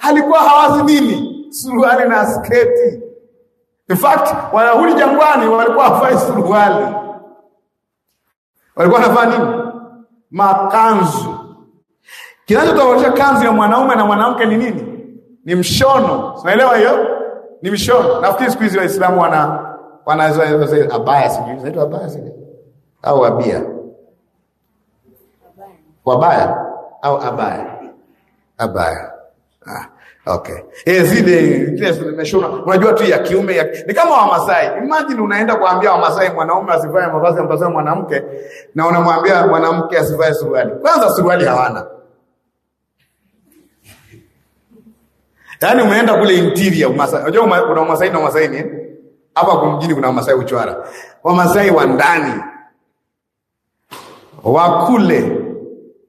alikuwa hawazi nini suruali na sketi. In fact, wanahuli jangwani walikuwa hawavai suruali walikuwa wanavaa nini? Makanzu. Kinachotofautisha kanzu ya mwanaume na mwanamke ni nini? Ni mshono. Unaelewa hiyo? Ni mshono. Nafikiri siku hizi Waislamu wana wanaweza abaya, sijui zinaitwa abaya sijui au abia wabaya au abaya abaya ah. Okay. Eh, zile zile zimeshona. Unajua tu ya kiume ya ni kama Wamasai. Imagine unaenda kuambia Wamasai mwanaume asivae mavazi ya mwanamke na unamwambia mwanamke asivae suruali. Kwanza suruali hawana. Yaani umeenda kule interior Unajua uma, kuna Wamasai na Wamasai ni hapa kwa mjini kuna Wamasai uchwara. Wamasai wa ndani wakule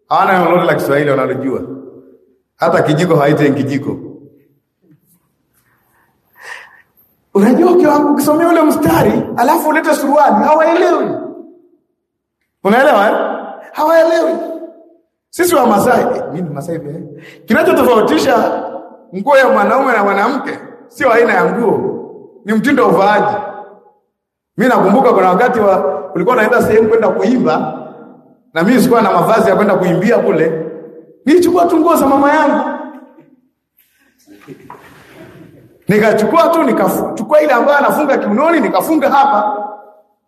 hawana lolote la Kiswahili wanalojua hata kijiko haite kijiko. Unajua, uke ukisomea ule mstari alafu ulete suruali, hawaelewi. Unaelewa eh? Hawaelewi. Sisi wa Masai, eh, mimi Masai eh. Kinachotofautisha nguo ya mwanaume na mwanamke sio aina ya nguo, ni mtindo wa uvaaji. Mimi nakumbuka kuna wakati wa ulikuwa unaenda sehemu kwenda kuimba, na mimi sikuwa na mavazi ya kwenda kuimbia kule nilichukua tu nguo za mama yangu nikachukua tu nikachukua ile ambayo anafunga kiunoni nikafunga hapa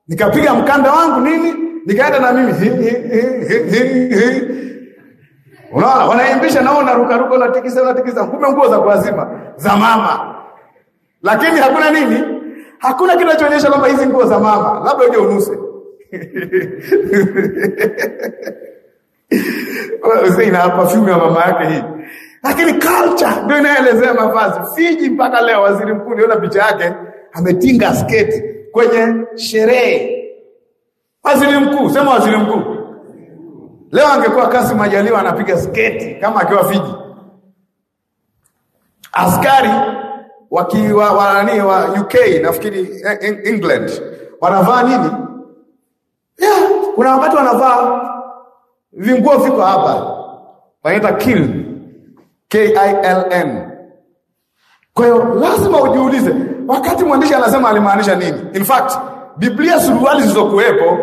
nikapiga mkanda wangu nini nikaenda na mimi unaona wanaimbisha nao naruka ruka unatikisa unatikisa kumbe nguo za kuazima za mama lakini hakuna nini hakuna kinachoonyesha kwamba hizi nguo za mama labda uje unuse [LAUGHS] ina perfume ya mama yake hii, lakini culture ndio inaelezea mavazi. Fiji mpaka leo waziri mkuu, niona picha yake ametinga sketi kwenye sherehe. Waziri mkuu, sema waziri mkuu. Leo angekuwa Kassim Majaliwa anapiga sketi kama akiwa Fiji. Askari waki, wa, wa, wa UK nafikiri eh, England wanavaa nini? Yeah, kuna wakati wanavaa vinguo viko hapa, wanaita kiln, K I L N. Kwa hiyo lazima ujiulize, wakati mwandishi anasema alimaanisha nini? In fact, Biblia suruali zilizokuwepo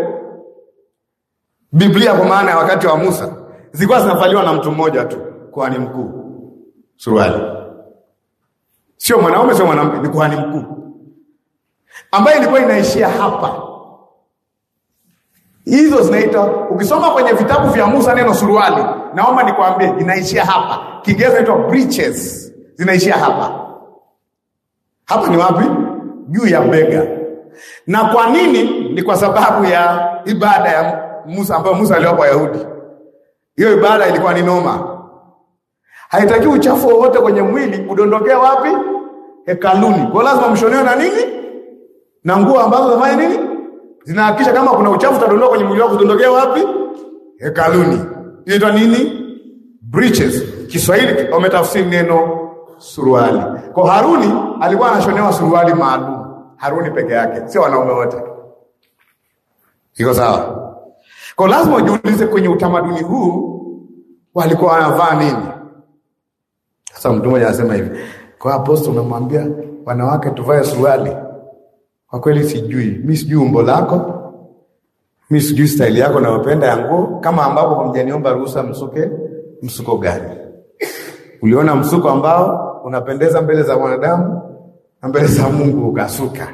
Biblia kwa maana ya wakati wa Musa zilikuwa zinavaliwa na mtu mmoja tu, kuhani mkuu. Suruali sio mwanaume, sio mwanamke, ni kuhani mkuu ambaye ilikuwa inaishia hapa hizo zinaitwa ukisoma kwenye vitabu vya Musa neno suruali, naomba nikwambie inaishia hapa. Kigezo inaitwa breeches, zinaishia hapa. Hapa ni wapi? Juu ya bega. Na kwa nini? Ni kwa sababu ya ibada ya Musa ambayo Musa aliwapa Wayahudi. Hiyo ibada ilikuwa ni noma, haitaki uchafu wowote kwenye mwili udondokee wapi? Hekaluni. Kwa lazima mshonewe na nini, na nguo ambazo zafanya nini zinahakikisha kama kuna uchafu utadondoka kwenye mwili wako, utondokea wapi? Hekaluni. Inaitwa nini? Breeches. Kiswahili umetafsiri neno suruali. Kwa Haruni alikuwa anashonewa suruali maalum, Haruni peke yake, sio wanaume wote. Iko sawa? Kwa lazima ujiulize kwenye utamaduni huu walikuwa wanavaa nini? Sasa mtu mmoja anasema hivi, kwa apostol unamwambia wanawake tuvae suruali kwa kweli sijui, mi sijui umbo lako, mi sijui staili yako nayopenda ya nguo, kama ambapo hamjaniomba ruhusa msuke msuko gani. Uliona msuko ambao unapendeza mbele za mwanadamu na mbele za Mungu ukasuka.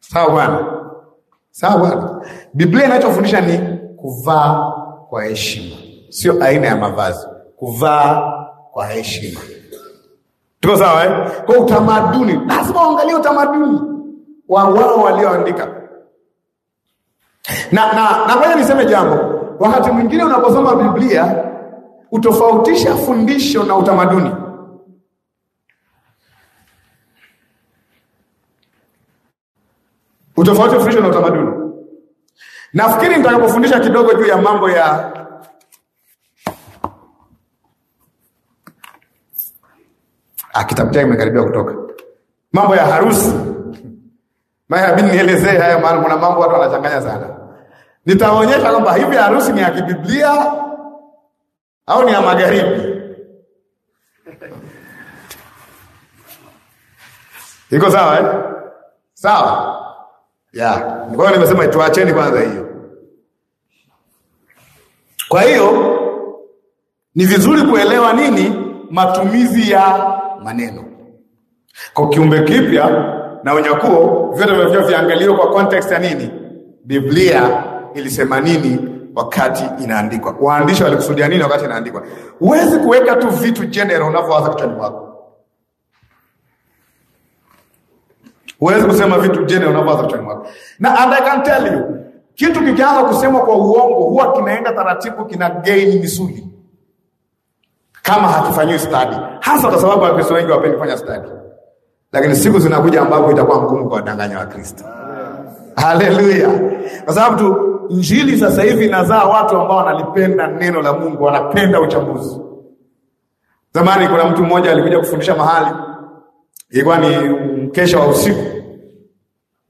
Sawa bwana, sawa bwana. Biblia inachofundisha ni kuvaa kwa heshima, sio aina ya mavazi, kuvaa kwa heshima. Tuko sawa eh? Kwa utamaduni lazima uangalie utamaduni wa wao walioandika. Na na na ngoja niseme jambo. Wakati mwingine unaposoma Biblia utofautisha fundisho na utamaduni. Utofautisha fundisho na utamaduni. Nafikiri nitakapofundisha kidogo juu ya mambo ya ah, kitabu chake kimekaribia kutoka mambo ya harusi mimi nielezee haya, maana kuna mambo watu wanachanganya sana. Nitaonyesha kwamba hivi harusi ni ya kibiblia au ni ya magharibi. Iko sawa eh? Sawa. Yeah. Kwa hiyo nimesema tuacheni kwanza hiyo. Kwa hiyo ni vizuri kuelewa nini matumizi ya maneno. Kwa kiumbe kipya na unyakuo vyote vinavyo viangaliwa kwa context ya nini, Biblia ilisema nini wakati inaandikwa, waandishi walikusudia nini wakati inaandikwa. Huwezi kuweka tu vitu general unavyowaza kichwani mwako. Huwezi kusema vitu general unavyowaza kichwani mwako, na and I can tell you kitu kikianza kusemwa kwa uongo huwa kinaenda taratibu, kina gain misuli kama hakifanyiwi study, hasa kwa sababu Wakristo wengi wapendi kufanya study lakini siku zinakuja ambapo itakuwa ngumu kwa wadanganya wa Kristo. Haleluya! Kwa sababu tu injili sasa hivi inazaa watu ambao wanalipenda neno la Mungu, wanapenda uchambuzi. Zamani kuna mtu mmoja alikuja kufundisha mahali, ilikuwa ni mkesha wa usiku.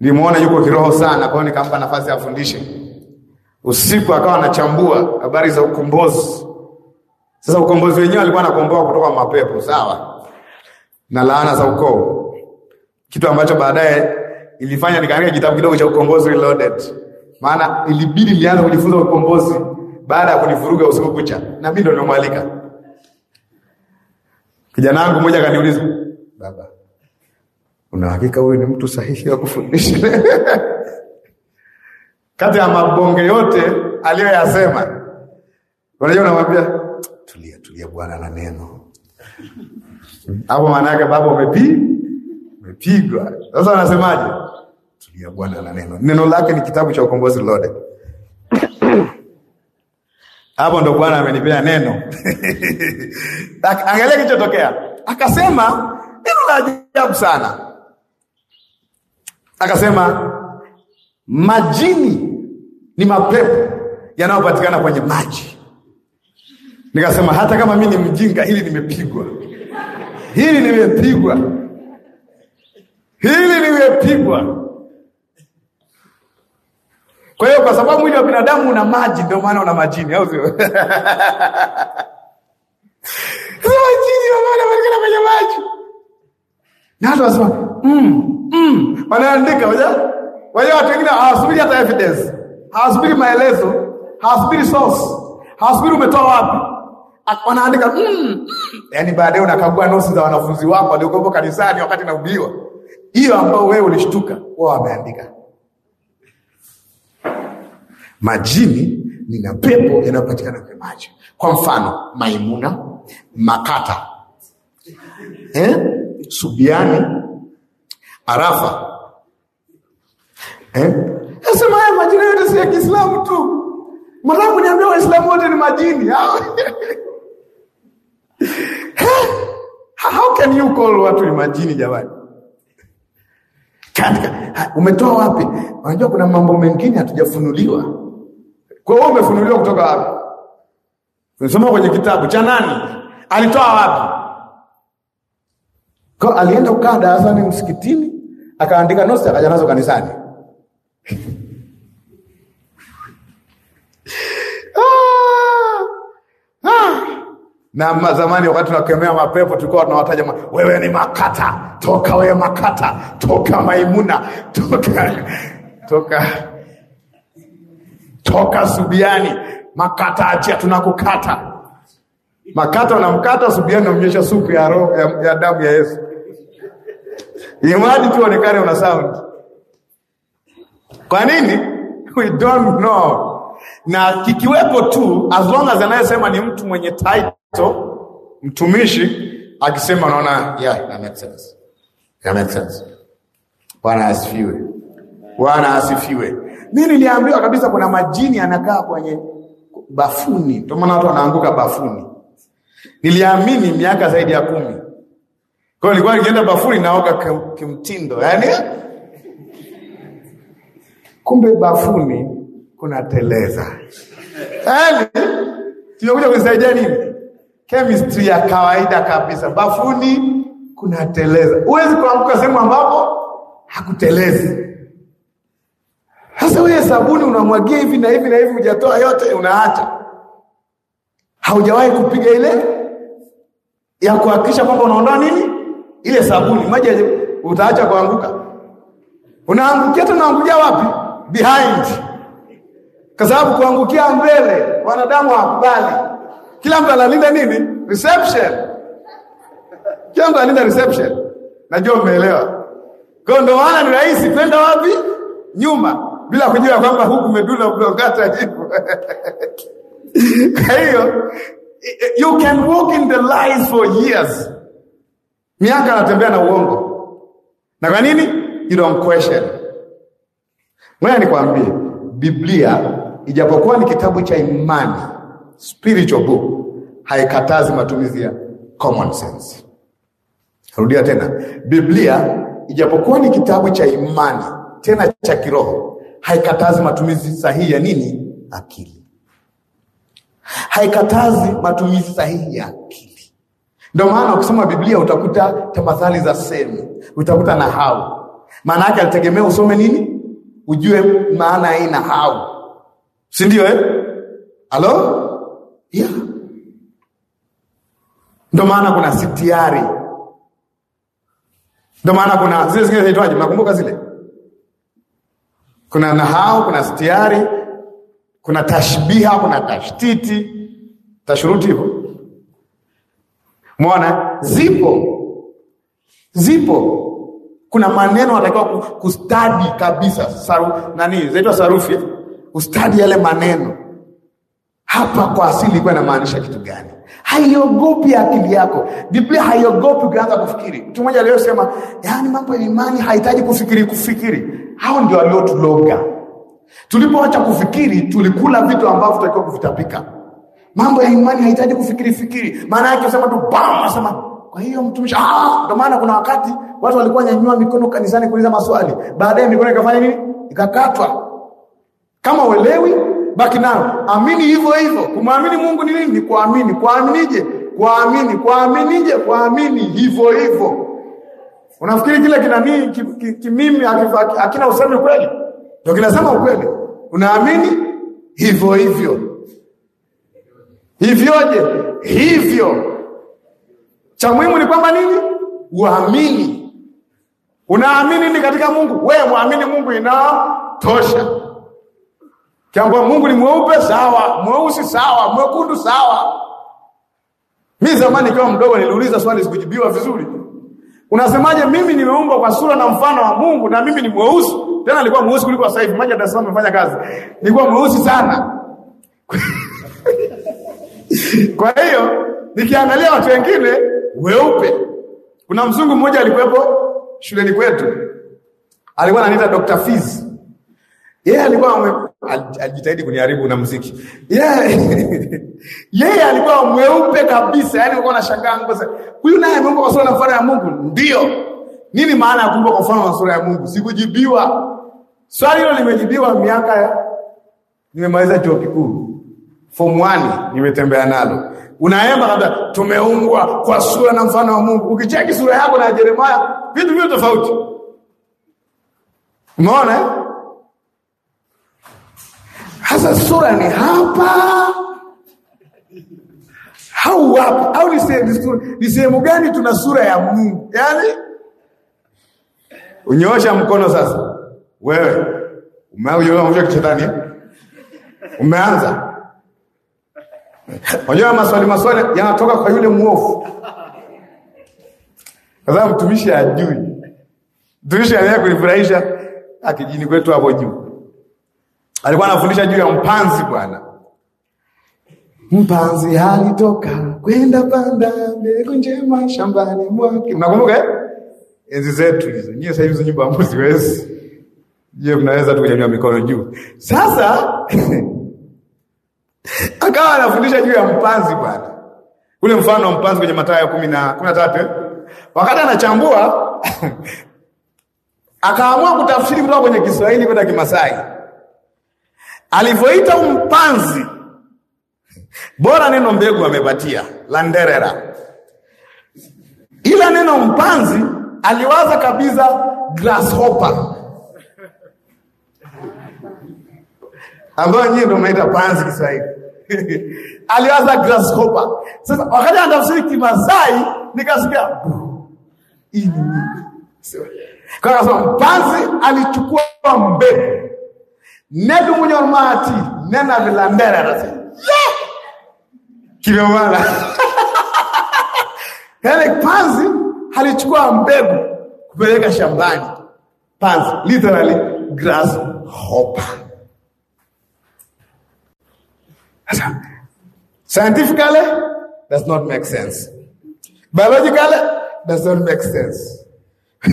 Nilimuona yuko kiroho sana, kwa hiyo nikampa nafasi afundishe usiku, akawa anachambua habari za ukombozi. Sasa ukombozi wenyewe alikuwa anakomboa kutoka mapepo, sawa, na laana za ukoo kitu ambacho baadaye ilifanya nikaandika kitabu kidogo cha ukombozi reloaded, maana ilibidi nianze kujifunza ukombozi baada ya kunivuruga usiku kucha, na mimi ndo nimemwalika kijana wangu mmoja. Akaniuliza, baba, una hakika huyu ni mtu sahihi wa kufundisha? [LAUGHS] kati ya mabonge yote aliyoyasema, unajua, unamwambia tulia, tulia, Bwana na neno [LAUGHS] hapo. Maana yake baba, umepi tumepigwa. Sasa anasemaje? Tulia Bwana na neno. Neno lake ni kitabu cha ukombozi lode [COUGHS] Hapo ndo Bwana amenipea neno. [COUGHS] Angalia kilichotokea. Akasema neno la ajabu sana. Akasema majini ni mapepo yanayopatikana kwenye maji. Nikasema hata kama mimi ni mjinga, hili nimepigwa, hili nimepigwa hili limepigwa. Kwa hiyo kwa sababu mwili wa binadamu una maji, ndio maana una majini, au sio? [LAUGHS] Majini wanapatikana kwenye maji, na watu wasema mm, mm, wanaandika hoja. Kwa hiyo watu wengine hawasubiri hata evidence, hawasubiri maelezo, hawasubiri source, hawasubiri umetoa wapi wanaandika mm, mm. Yaani, baadaye unakagua nosi za wanafunzi wako waliokuwepo kanisani wakati naubiwa hiyo ambao wewe ulishtuka, wao wameandika majini ni na pepo yanayopatikana kwenye maji. Kwa mfano Maimuna, Makata eh? Subiani, Arafa eh? Nasema haya majina yote si ya Kiislamu tu. Mwanangu niambia, Waislamu wote ni majini [LAUGHS] How can you call watu ni majini jamani? Umetoa wapi? Unajua kuna mambo mengine hatujafunuliwa. Kwa hiyo umefunuliwa kutoka wapi? Tunasoma kwenye kitabu cha nani? Alitoa wapi? Kwa alienda kukaa darasani msikitini, akaandika notes akaja nazo kanisani. [LAUGHS] na zamani wakati tunakemea mapepo tulikuwa tunawataja ma, wewe ni makata toka, wewe makata toka, Maimuna toka, toka, toka Subiani, makata achia, tunakukata makata, unamkata Subiani, unamnyesha supu ya roho ya, ya damu ya Yesu, imani tu onekane una sound. Kwa nini? We don't know na kikiwepo tu, as long as anayesema ni mtu mwenye title So mtumishi akisema naona, yeah, that makes sense. That makes sense. Bwana asifiwe. Bwana asifiwe. Mimi niliambiwa kabisa kuna majini anakaa kwenye bafuni, ndio maana watu wanaanguka bafuni. Niliamini miaka zaidi ya kumi. Kwa nilikuwa nikienda bafuni naoga kimtindo, yaani kumbe bafuni kuna teleza. Yaani tunakuja kusaidia nini? chemistry ya kawaida kabisa. Bafuni kuna teleza, huwezi kuanguka sehemu ambapo hakutelezi. Sasa wewe sabuni unamwagia hivi na hivi na hivi, hujatoa yote, unaacha. Haujawahi kupiga ile ya kuhakikisha kwamba unaondoa nini, ile sabuni. Maji utaacha kuanguka, unaangukia tu, unaangukia wapi? Behind, kwa sababu kuangukia mbele wanadamu hakubali kila mtu analinda nini? Reception. Kila mtu analinda reception. Najua umeelewa. Kwa ndo maana ni rahisi kwenda wapi? Nyuma bila kujua kwamba huku medula blokata hivyo. Kwa hiyo you can walk in the lies for years. Miaka anatembea na uongo. Na kwa nini? You don't question. Mwana nikwambie, Biblia ijapokuwa ni kitabu cha imani spiritual book haikatazi matumizi ya common sense. Rudia tena, Biblia ijapokuwa ni kitabu cha imani tena cha kiroho, haikatazi matumizi sahihi ya nini? Akili. Haikatazi matumizi sahihi ya akili. Ndio maana ukisoma Biblia utakuta tamathali za semu, utakuta nahau. Maana yake alitegemea usome nini, ujue maana hii nahau, si ndio eh? Halo yeah. Ndo maana kuna sitiari, ndo maana kuna zile zingine zinaitwaje, mnakumbuka zile? Kuna nahau, kuna sitiari, kuna tashbiha, kuna tashtiti, tashuruti hivyo. mwona zipo zipo kuna maneno anatakiwa kustadi kabisa saru, nani zaitwa sarufi, ustadi yale maneno hapa kwa asili ilikuwa inamaanisha kitu gani? Haiogopi akili yako. Biblia haiogopi ukianza kufikiri. Mtu mmoja aliyosema yaani, mambo ya imani hahitaji kufikiri kufikiri. Hao ndio waliotuloga. Tulipoacha kufikiri, tulikula vitu ambavyo tutakiwa kuvitapika. Mambo ya imani hahitaji kufikiri fikiri, maana yake sema tu bam, nasema kwa hiyo mtumishi. Ah, ndio maana kuna wakati watu walikuwa nyanyua mikono kanisani kuuliza maswali, baadaye mikono ikafanya nini? Ikakatwa. Kama uelewi baki nao, amini hivyo hivyo. Kumwamini Mungu ni nini? Ni kuamini. Kuaminije? Kuamini. Kuaminije? Kuamini hivyo hivyo. Unafikiri kile nini kimimi hakina usemi kweli? Ndio kinasema ukweli. Unaamini hivyo hivyo. Hivyoje? Hivyo. Cha muhimu ni kwamba nini? Uamini. Unaamini ni katika Mungu. Wewe muamini Mungu inatosha. Chambua Mungu ni mweupe sawa, mweusi sawa, mwekundu sawa. Mi zamani nikiwa mdogo niliuliza swali sikujibiwa vizuri. Unasemaje mimi nimeumbwa kwa sura na mfano wa Mungu na mimi ni mweusi? Tena nilikuwa mweusi kuliko sasa hivi. Maji Dar es Salaam amefanya kazi. Nilikuwa mweusi sana. [LAUGHS] kwa hiyo nikiangalia watu wengine weupe. Kuna mzungu mmoja alikuwepo shuleni kwetu. Alikuwa ananiita Dr. Fizz. Yeye yeah, alikuwa alijitahidi kuniharibu na muziki Yeye yeah. [LAUGHS] yeye alikuwa mweupe kabisa, yani alikuwa anashangaa ngoza. Huyu naye ameumbwa kwa sura na mfano ya Mungu. Ndio nini maana ya kuumbwa kwa mfano na sura ya Mungu? Sikujibiwa swali hilo, limejibiwa miaka, ya nimemaliza chuo kikuu form 1 nimetembea nalo unaemba labda tumeumbwa kwa sura na mfano wa Mungu. Ukicheki sura yako na Yeremia, vitu vile tofauti. Umeona? Eh? hasa sura ni hapa au hapa au ni sehemu gani? Tuna sura ya Mungu yani, unyoosha mkono sasa. Wewe umeanza kishetani, eh? umeanza unajua, maswali maswali yanatoka kwa yule mwovu, kwa sababu mtumishi ajui, mtumishi anaye kulifurahisha akijini kwetu hapo juu alikuwa anafundisha juu ya mpanzi bwana. Mpanzi alitoka kwenda panda mbegu njema shambani mwake. Mnakumbuka eh? Enzi zetu hizo. Nyie sasa hizo nyumba msiwezi. Je, mnaweza tu kunyanyua mikono juu? Sasa [LAUGHS] akawa anafundisha juu ya mpanzi bwana. Ule mfano wa mpanzi kwenye Mathayo 10 13 eh? wakati anachambua [LAUGHS] akaamua kutafsiri kutoka kwenye Kiswahili kwenda Kimasai alivyoita umpanzi bora neno mbegu amepatia la nderera, ila neno mpanzi aliwaza kabisa grasshopper, ambayo nyinyi ndo mnaita panzi Kiswahili [LAUGHS] aliwaza grasshopper. Sasa wakati anatafsiri Kimasai nikasikia kwa kasema panzi alichukua mbegu ned muñor maati nena vila kile wala yale [LAUGHS] panzi halichukua mbegu kupeleka shambani panzi literally grass hopper scientifically does not make sense biologically does not make sense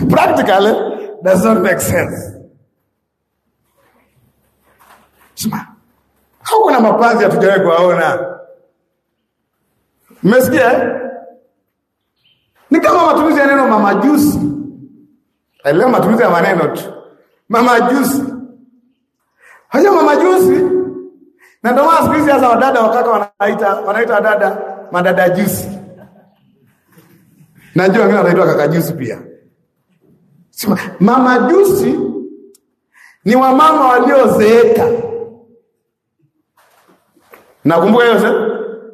practically does not make sense Sema hauko na mapanzi hatujawahi kuwaona. Mmesikia? Eh? Ni kama matumizi ya neno mamajusi. Elewa matumizi ya maneno tu. Mamajusi. Haja mamajusi. Na ndio maana siku hizi sasa wadada wakaka wanaita wanaita wadada madada jusi. Najua wengine wanaitwa kaka jusi pia. Sema mama jusi ni wamama waliozeeka. Nakumbuka hiyo sasa?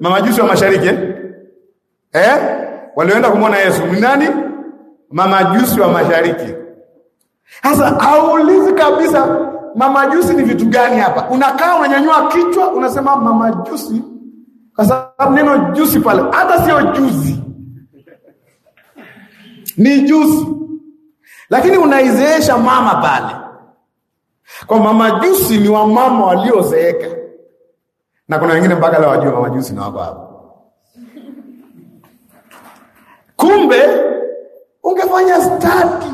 Mamajusi wa mashariki eh? eh? Walioenda kumwona Yesu ni nani? Mamajusi wa mashariki. Sasa haulizi kabisa mamajusi ni vitu gani hapa? Unakaa unanyanyua kichwa unasema mamajusi kwa sababu neno jusi pale hata sio juzi. Ni jusi. Lakini unaizeesha mama pale. Kwa mamajusi ni wamama waliozeeka na kuna wengine mpaka leo wajua mamajusi na wako hapo. Kumbe ungefanya stadi,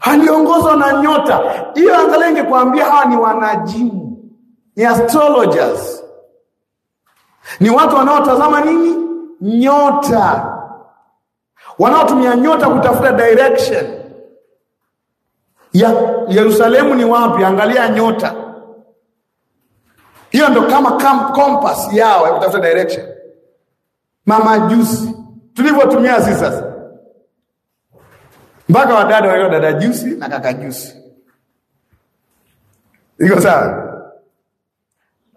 aliongozwa na nyota hiyo, angalia, ingekuambia hawa ni wanajimu, ni astrologers, ni watu wanaotazama nini, nyota, wanaotumia nyota kutafuta direction ya Yerusalemu ni wapi. Angalia nyota hiyo ndo kama compass yao ya kutafuta direction. Mama jusi tulivyotumia sisi sasa, mpaka wadada walio dada jusi na kaka juzi, iko sawa?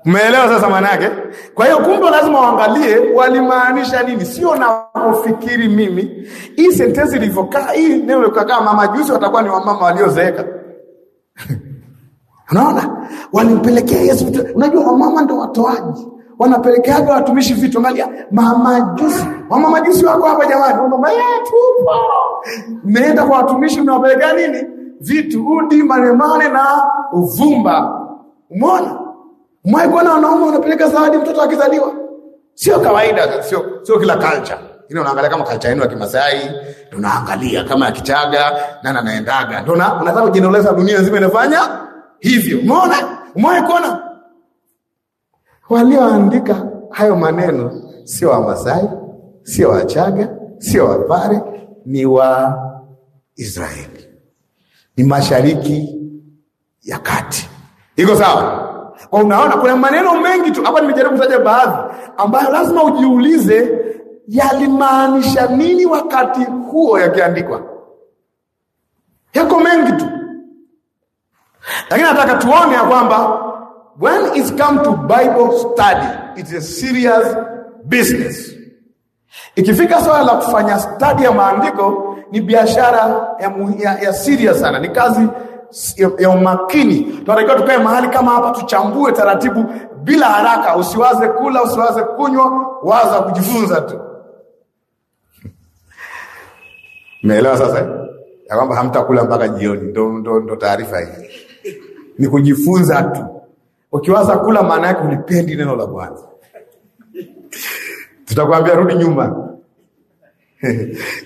Umeelewa sasa maana yake? Kwa hiyo kumbe lazima waangalie walimaanisha nini, sio naofikiri mimi. Hii sentensi ilivyokaa, hii neno likakaa mama juzi watakuwa ni wamama waliozeeka [LAUGHS] Unaona, walimpelekea Yesu vitu. Unajua, wamama ndo watoaji, wanapelekeaga watumishi vitu. Angalia mamajusi, wamamajusi wako hapa jamani, mama yetu mmeenda kwa watumishi, mnawapelekea nini? Vitu, udi, manemane na uvumba. Umeona, mwaikuona wanaume wanapeleka zawadi mtoto akizaliwa. Sio kawaida, sio sio kila kalcha ini unaangalia kama kalcha yenu ya Kimasai, unaangalia kama ya Kichaga, nani anaendaga, ndo unataka kujiendeleza, dunia nzima inafanya hivyo. Umeona? Umewahi kuona walioandika hayo maneno? Sio Wamasai, sio Wachaga, sio Wapare, ni wa Israeli, ni mashariki ya kati. Iko sawa? Kwa unaona, kuna maneno mengi tu hapa, nimejaribu kutaja baadhi ambayo lazima ujiulize yalimaanisha nini wakati huo yakiandikwa. Yako mengi tu lakini nataka tuone ya kwamba when it come to Bible study, it is a serious business. Ikifika swala la kufanya study ya maandiko ni biashara ya, ya, ya serious sana, ni kazi ya, ya umakini. Tunatakiwa tukae mahali kama hapa, tuchambue taratibu bila haraka. Usiwaze kula, usiwaze kunywa, waza kujifunza tu. Meelewa sasa eh? ya kwamba hamtakula mpaka jioni, ndo, ndo, ndo taarifa hii ni kujifunza tu. Ukiwaza kula, maana yake ulipendi neno la Bwana. [LAUGHS] Tutakwambia rudi nyumba. [LAUGHS]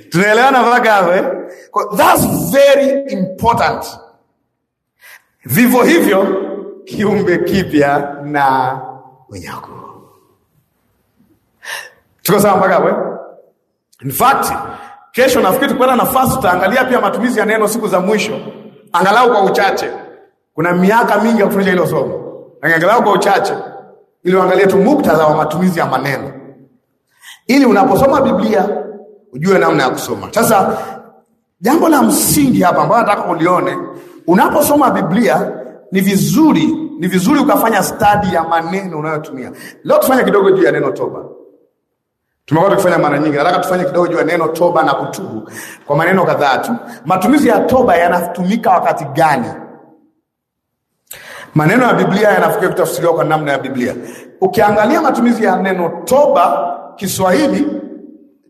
Tunaelewana mpaka hapo eh? That's very important. Vivyo hivyo kiumbe kipya na wenyako, Tuko sawa mpaka hapo eh? In fact, kesho nafikiri tukwenda nafasi tutaangalia pia matumizi ya neno siku za mwisho angalau kwa uchache kuna miaka mingi ya kufundisha hilo somo, angalau kwa uchache, ili uangalie tu muktadha wa matumizi ya maneno, ili unaposoma Biblia ujue namna ya kusoma. Sasa jambo la msingi hapa ambalo nataka ulione, unaposoma Biblia ni vizuri ni vizuri ukafanya stadi ya maneno unayotumia. Leo tufanye kidogo juu ya neno toba. Tumekuwa tukifanya mara nyingi. Nataka tufanye kidogo juu ya neno toba na kutubu kwa maneno kadhaa tu. Matumizi ya toba yanatumika wakati gani? Maneno ya Biblia yanafikia kutafsiriwa kwa namna ya Biblia. Ukiangalia matumizi ya neno toba Kiswahili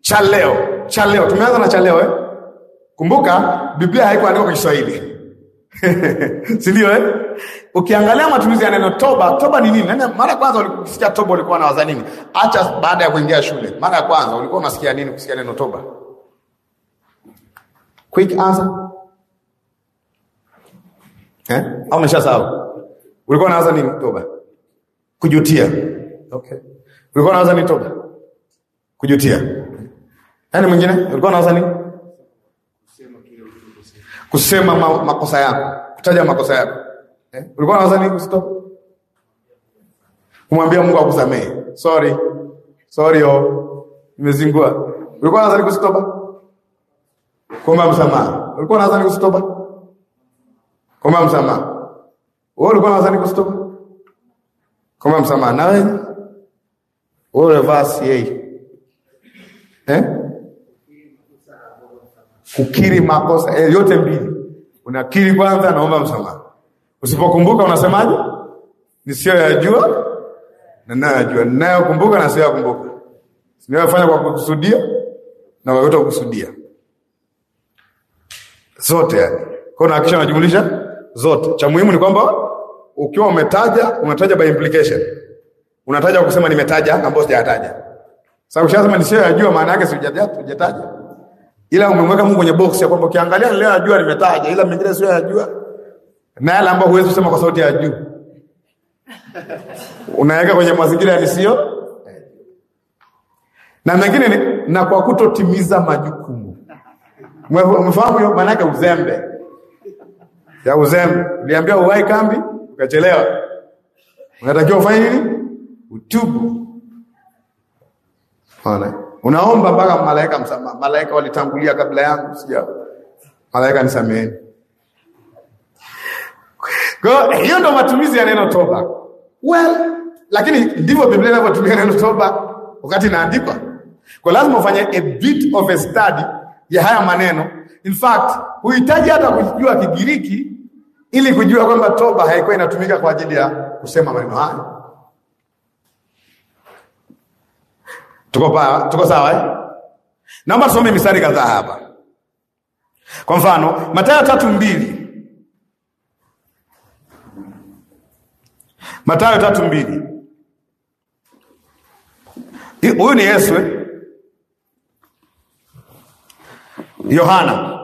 cha leo, cha leo tumeanza na cha leo eh? Kumbuka Biblia haikuandikwa kwa Kiswahili [LAUGHS] si ndio eh? Ukiangalia matumizi ya neno toba, toba ni nini? Nene, mara kwanza ulikusikia toba ulikuwa unawaza nini? Acha baada ya kuingia shule, mara ya kwanza ulikuwa unasikia nini kusikia neno toba? Quick answer eh? au umeshasahau? Ulikuwa unaanza nini toba? Kujutia. Okay. Ulikuwa unaanza nini toba? Kujutia. Yaani mwingine ulikuwa unaanza nini? Kusema kile ulikosema. Kusema ma makosa yako, kutaja makosa yako. Eh? Ulikuwa unaanza nini Kusito, Kumwambia Mungu akusamehe. Sorry. Sorry oh. Nimezingua. Ulikuwa unaanza nini kustopa? Kuomba msamaha. Ulikuwa unaanza nini kustopa? Kuomba msamaha. Wewe ulikuwa unadhani kustoka kama msamaha nawe. wewe wewe unavaa eh kukiri makosa eh, yote mbili unakiri kwanza, naomba msamaha. Usipokumbuka unasemaje? Nisiyoyajua na nayajua, ninayokumbuka na yakumbuka sinayofanya kwa kukusudia na kwa kutokukusudia, zote yani. Kwa hiyo nahakikisha najumulisha zote. Cha muhimu ni kwamba ukiwa umetaja, unataja by implication, unataja kwa kusema nimetaja ambapo sijataja. Sababu shasema nisiyajua maana yake sijataja, ila umemweka Mungu kwenye box ya kwamba ukiangalia leo najua nimetaja, ila mengine sio yajua, na yale ambayo huwezi kusema kwa sauti ya juu unaweka kwenye mazingira ya nisio na mengine, na kwa kutotimiza majukumu. Umefahamu hiyo maana yake uzembe ya uzembe. Niliambia uwai kambi ukachelewa, unatakiwa ufanye nini? Utubu. Ona, unaomba mpaka malaika msamaha. Malaika walitangulia kabla yangu, sija malaika nisameheni. Kwa hiyo ndo matumizi ya neno toba. Well, lakini ndivyo Biblia inavyotumia neno toba wakati inaandikwa. Kwa lazima ufanye a bit of a study ya haya maneno. In fact, huhitaji hata kujua Kigiriki ili kujua kwamba toba haikuwa inatumika kwa ajili ya kusema maneno hayo. Tuko pa, tuko sawa eh? Naomba tusome mistari kadhaa hapa. Kwa mfano, Mathayo tatu mbili Mathayo tatu mbili Huyu ni Yesu eh? Yohana,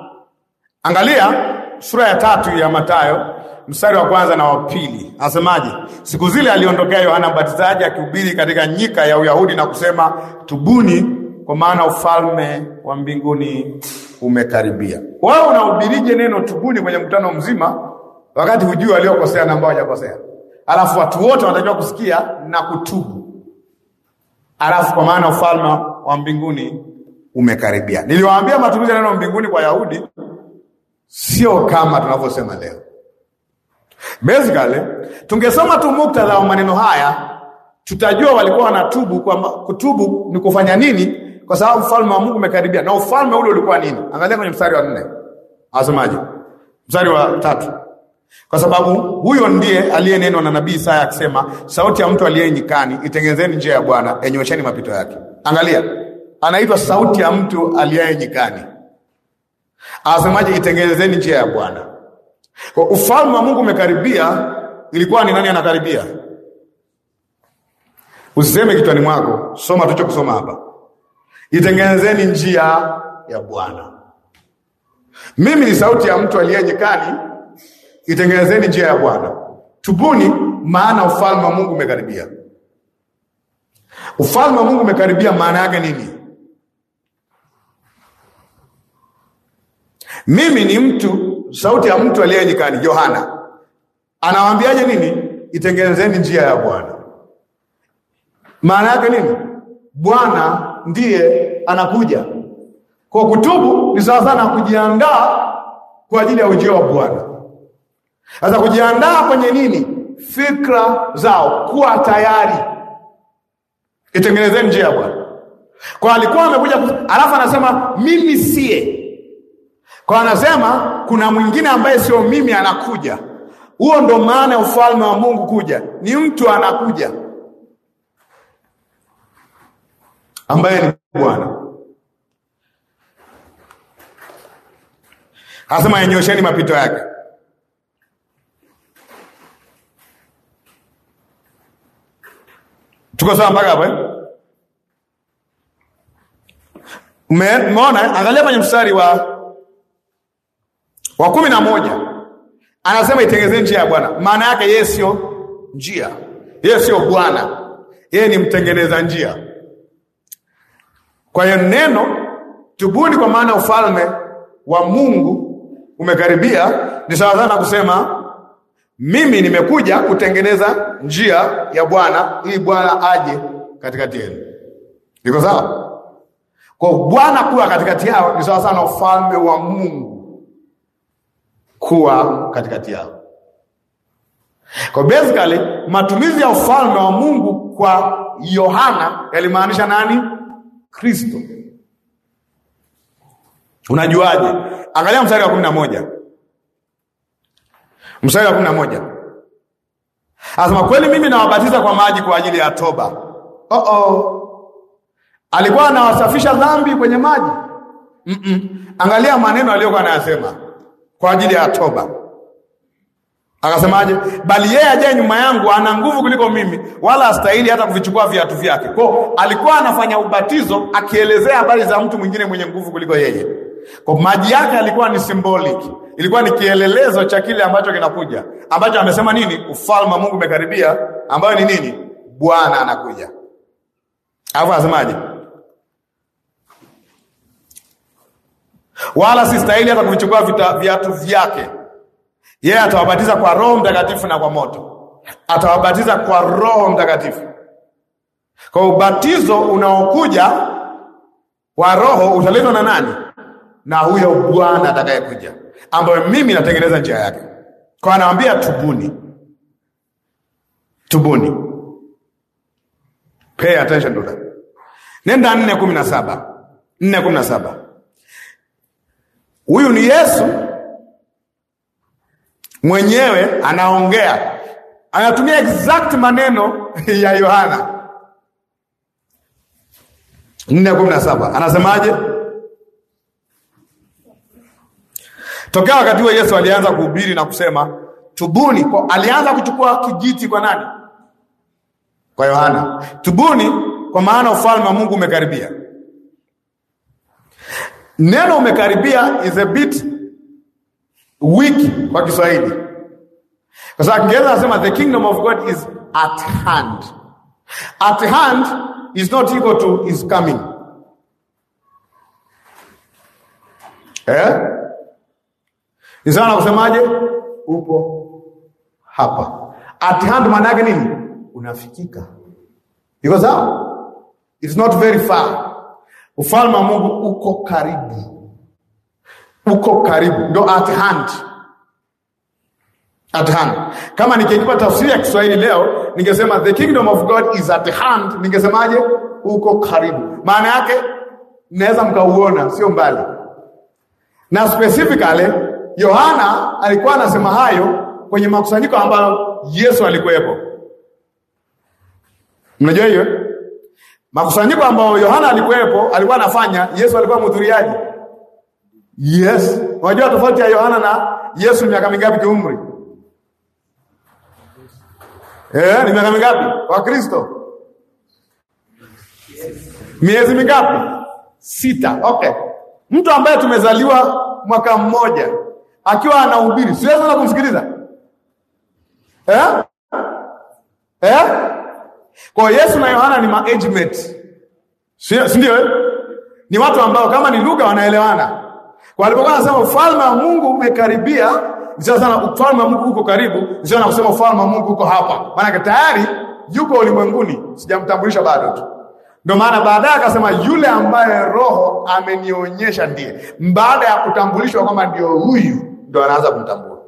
angalia sura ya tatu ya Mathayo mstari wa kwanza na wa pili asemaje? Siku zile aliondokea Yohana Mbatizaji akihubiri katika nyika ya Uyahudi na kusema, tubuni, kwa maana ufalme wa mbinguni umekaribia. wao unahubirije neno tubuni kwenye mkutano mzima, wakati hujui waliokosea na ambao hajakosea? Alafu watu wote wanatakiwa kusikia na kutubu, alafu kwa maana ufalme wa mbinguni umekaribia. Niliwaambia matumizi ya neno mbinguni kwa Yahudi sio kama tunavyosema leo. Basically, tungesoma tu muktadha wa maneno haya tutajua walikuwa wanatubu kwamba kutubu ni kufanya nini, kwa sababu ufalme wa Mungu umekaribia. Na ufalme ule ulikuwa nini? Angalia kwenye mstari wa nne, asemaje? Mstari wa tatu, kwa sababu huyo ndiye aliyenenwa na nabii Isaya akisema, sauti ya mtu aliye nyikani, njia ya Bwana, enyosheni mapito yake. Angalia, anaitwa sauti ya mtu aliye nyikani. Asemaje? Itengenezeni njia ya Bwana. Ufalme wa Mungu umekaribia. Ilikuwa ni nani anakaribia? Usiseme kichwani mwako, soma kusoma hapa, itengenezeni njia ya Bwana. Mimi ni sauti ya mtu aliye nyikani, itengenezeni njia ya Bwana, tubuni, maana ufalme wa Mungu umekaribia. Ufalme wa Mungu umekaribia, maana yake nini? Mimi ni mtu, sauti ya mtu aliye nyikani, Yohana. Anawaambiaje nini? Itengenezeni njia ya Bwana. Maana yake nini? Bwana ndiye anakuja. Kwa kutubu ni sawa sana kujiandaa kwa ajili ya ujio wa Bwana. Sasa kujiandaa kwenye nini? Fikra zao, kuwa tayari. Itengenezeni njia ya Bwana. Kwa alikuwa amekuja, alafu anasema mimi siye kwa anasema kuna mwingine ambaye sio mimi anakuja. Huo ndo maana ya ufalme wa Mungu kuja, ni mtu anakuja ambaye ni Bwana. Anasema yanyosheni mapito yake. Tuko sawa mpaka hapo eh? Umeona, eh? angalia kwenye mstari wa wa kumi na moja anasema itengenezeni njia ya Bwana. Maana yake yeye sio njia, yeye sio Bwana, yeye ni mtengeneza njia. Kwa hiyo neno tubuni, kwa maana ufalme wa Mungu umekaribia, ni sawa sana kusema mimi nimekuja kutengeneza njia ya Bwana ili Bwana aje katikati yenu. Iko sawa? Kwa Bwana kuwa katikati yao ni sawa sana ufalme wa Mungu kuwa katikati yao. Kwa basically matumizi ya ufalme wa Mungu kwa Yohana yalimaanisha nani? Kristo. Unajuaje? Angalia mstari wa kumi na moja mstari wa kumi na moja anasema kweli mimi nawabatiza kwa maji kwa ajili ya toba. Oh -oh. Alikuwa anawasafisha dhambi kwenye maji? Mm -mm. Angalia maneno aliyokuwa anayasema kwa ajili ya toba. Akasemaje? Bali yeye ajaye nyuma yangu ana nguvu kuliko mimi, wala astahili hata kuvichukua viatu vyake. Kwa alikuwa anafanya ubatizo akielezea habari za mtu mwingine mwenye nguvu kuliko yeye. Kwa maji yake alikuwa ni symbolic, ilikuwa ni kielelezo cha kile ambacho kinakuja, ambacho amesema nini? Ufalme wa Mungu umekaribia, ambayo ni nini? Bwana anakuja. Alafu anasemaje? wala si stahili hata kuvichukua viatu vyake. Yeye yeah, atawabatiza kwa Roho Mtakatifu na kwa moto, atawabatiza kwa Roho Mtakatifu. Kwa ubatizo unaokuja wa Roho utaletwa na nani? Na huyo Bwana atakayekuja, ambayo mimi natengeneza njia yake. Kwa anawaambia tubuni, tubuni, pay attention to that. Nenda nne kumi na saba nne kumi na saba Huyu ni Yesu mwenyewe anaongea, anatumia exact maneno [LAUGHS] ya Yohana nne kumi na saba anasemaje? Tokea wakati huo Yesu alianza kuhubiri na kusema tubuni. Kwa alianza kuchukua kijiti kwa nani? Kwa Yohana, tubuni kwa maana ufalme wa Mungu umekaribia. Neno umekaribia is a bit weak kwa Kiswahili, kwa sababu Kiingereza nasema the kingdom of God is at hand. At hand is not equal to is coming eh? Ni sawa na kusemaje, upo hapa. At hand maana yake nini? Unafikika. Iko sawa? It's not very far Ufalme wa Mungu uko karibu, uko karibu, ndo at hand, at hand. Kama ningekipa tafsiri ya Kiswahili leo ningesema the kingdom of God is at hand, ningesemaje? Uko karibu, maana yake naweza mkauona, sio mbali. Na specifically Yohana alikuwa anasema hayo kwenye makusanyiko ambayo Yesu alikuwepo. Mnajua hiyo Makusanyiko ambayo Yohana alikuwepo, alikuwa anafanya, Yesu alikuwa mhudhuriaji. Yes, unajua tofauti ya Yohana na Yesu miaka mingapi kiumri? Eh, ni miaka mingapi wa Kristo? Miezi mingapi? Sita. Okay, mtu ambaye tumezaliwa mwaka mmoja akiwa anahubiri, siwezi na kumsikiliza eh? Eh? Kwa hiyo Yesu na Yohana ni maagent. Si ndio? Eh? Ni watu ambao kama ni lugha wanaelewana. Kwa alipokuwa anasema ufalme wa Mungu umekaribia, sasa sana ufalme wa Mungu uko karibu, sio na kusema ufalme wa Mungu uko hapa. Maana tayari yuko ulimwenguni, sijamtambulisha bado tu. Ndio maana baadaye akasema yule ambaye Roho amenionyesha ndiye. Baada ya kutambulishwa kwamba ndio huyu, ndio anaanza kumtambua.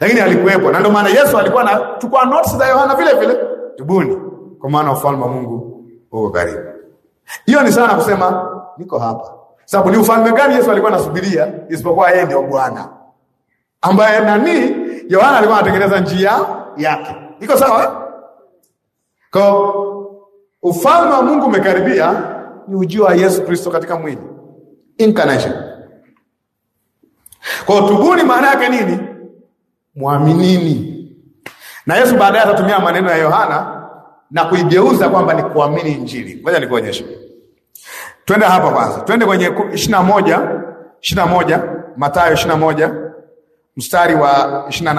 Lakini alikuwepo, na ndio maana Yesu alikuwa anachukua notes za Yohana vile vile. Tubuni kwa maana ufalme wa Mungu uko karibu. Hiyo ni sana kusema niko hapa, sababu ni ufalme gani Yesu alikuwa anasubiria isipokuwa yeye ndio Bwana ambaye nani, Yohana alikuwa anatengeneza njia yake. Iko sawa? Eh? Kwa ufalme wa Mungu umekaribia, ni ujio wa Yesu Kristo katika mwili, incarnation. Kwa tubuni, maana yake nini? Mwaminini. Na Yesu baadaye atatumia maneno ya Yohana na kuigeuza kwamba ni kuamini Injili. Ngoja nikuonyeshe, twende hapa kwanza, twende kwenye ishirini na moja ishirini na moja Mathayo ishirini na moja mstari wa 28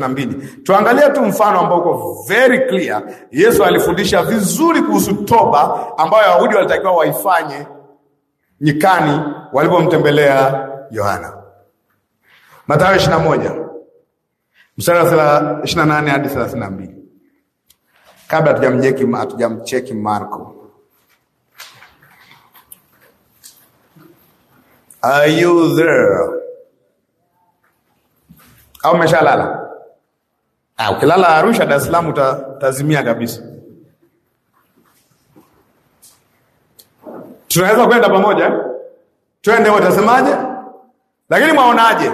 na 32. tuangalie tu mfano ambao uko very clear. Yesu alifundisha vizuri kuhusu toba ambayo Wayahudi walitakiwa waifanye nyikani walipomtembelea Yohana. Mathayo 21 mstari wa 28 hadi kabla hatujamcheki Marko. Are you there? Au umeshalala? Ah, ukilala Arusha, Dar es Salaam utazimia kabisa. Tunaweza kwenda pamoja, twende. Utasemaje? Lakini mwaonaje?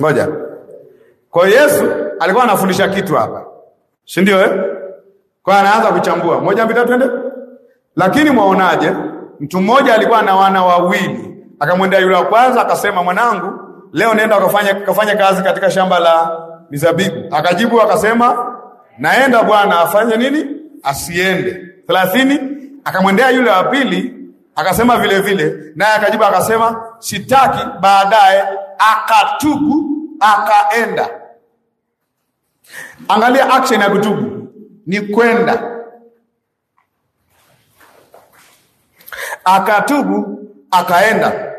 Moja. Kwa Yesu alikuwa anafundisha kitu hapa, si ndio eh? Kwa anaanza kuchambua moja mbili tatu, ende. Lakini mwaonaje? Mtu mmoja alikuwa na wana wawili, akamwendea yule wa kwanza akasema, mwanangu, leo nenda ukafanya kafanya kazi katika shamba la mizabibu. Akajibu akasema, naenda bwana. Afanye nini? Asiende. thelathini. Akamwendea yule wa pili akasema vile vile, naye akajibu akasema, sitaki. Baadaye akatubu akaenda Angalia action ya kutubu ni kwenda, akatubu akaenda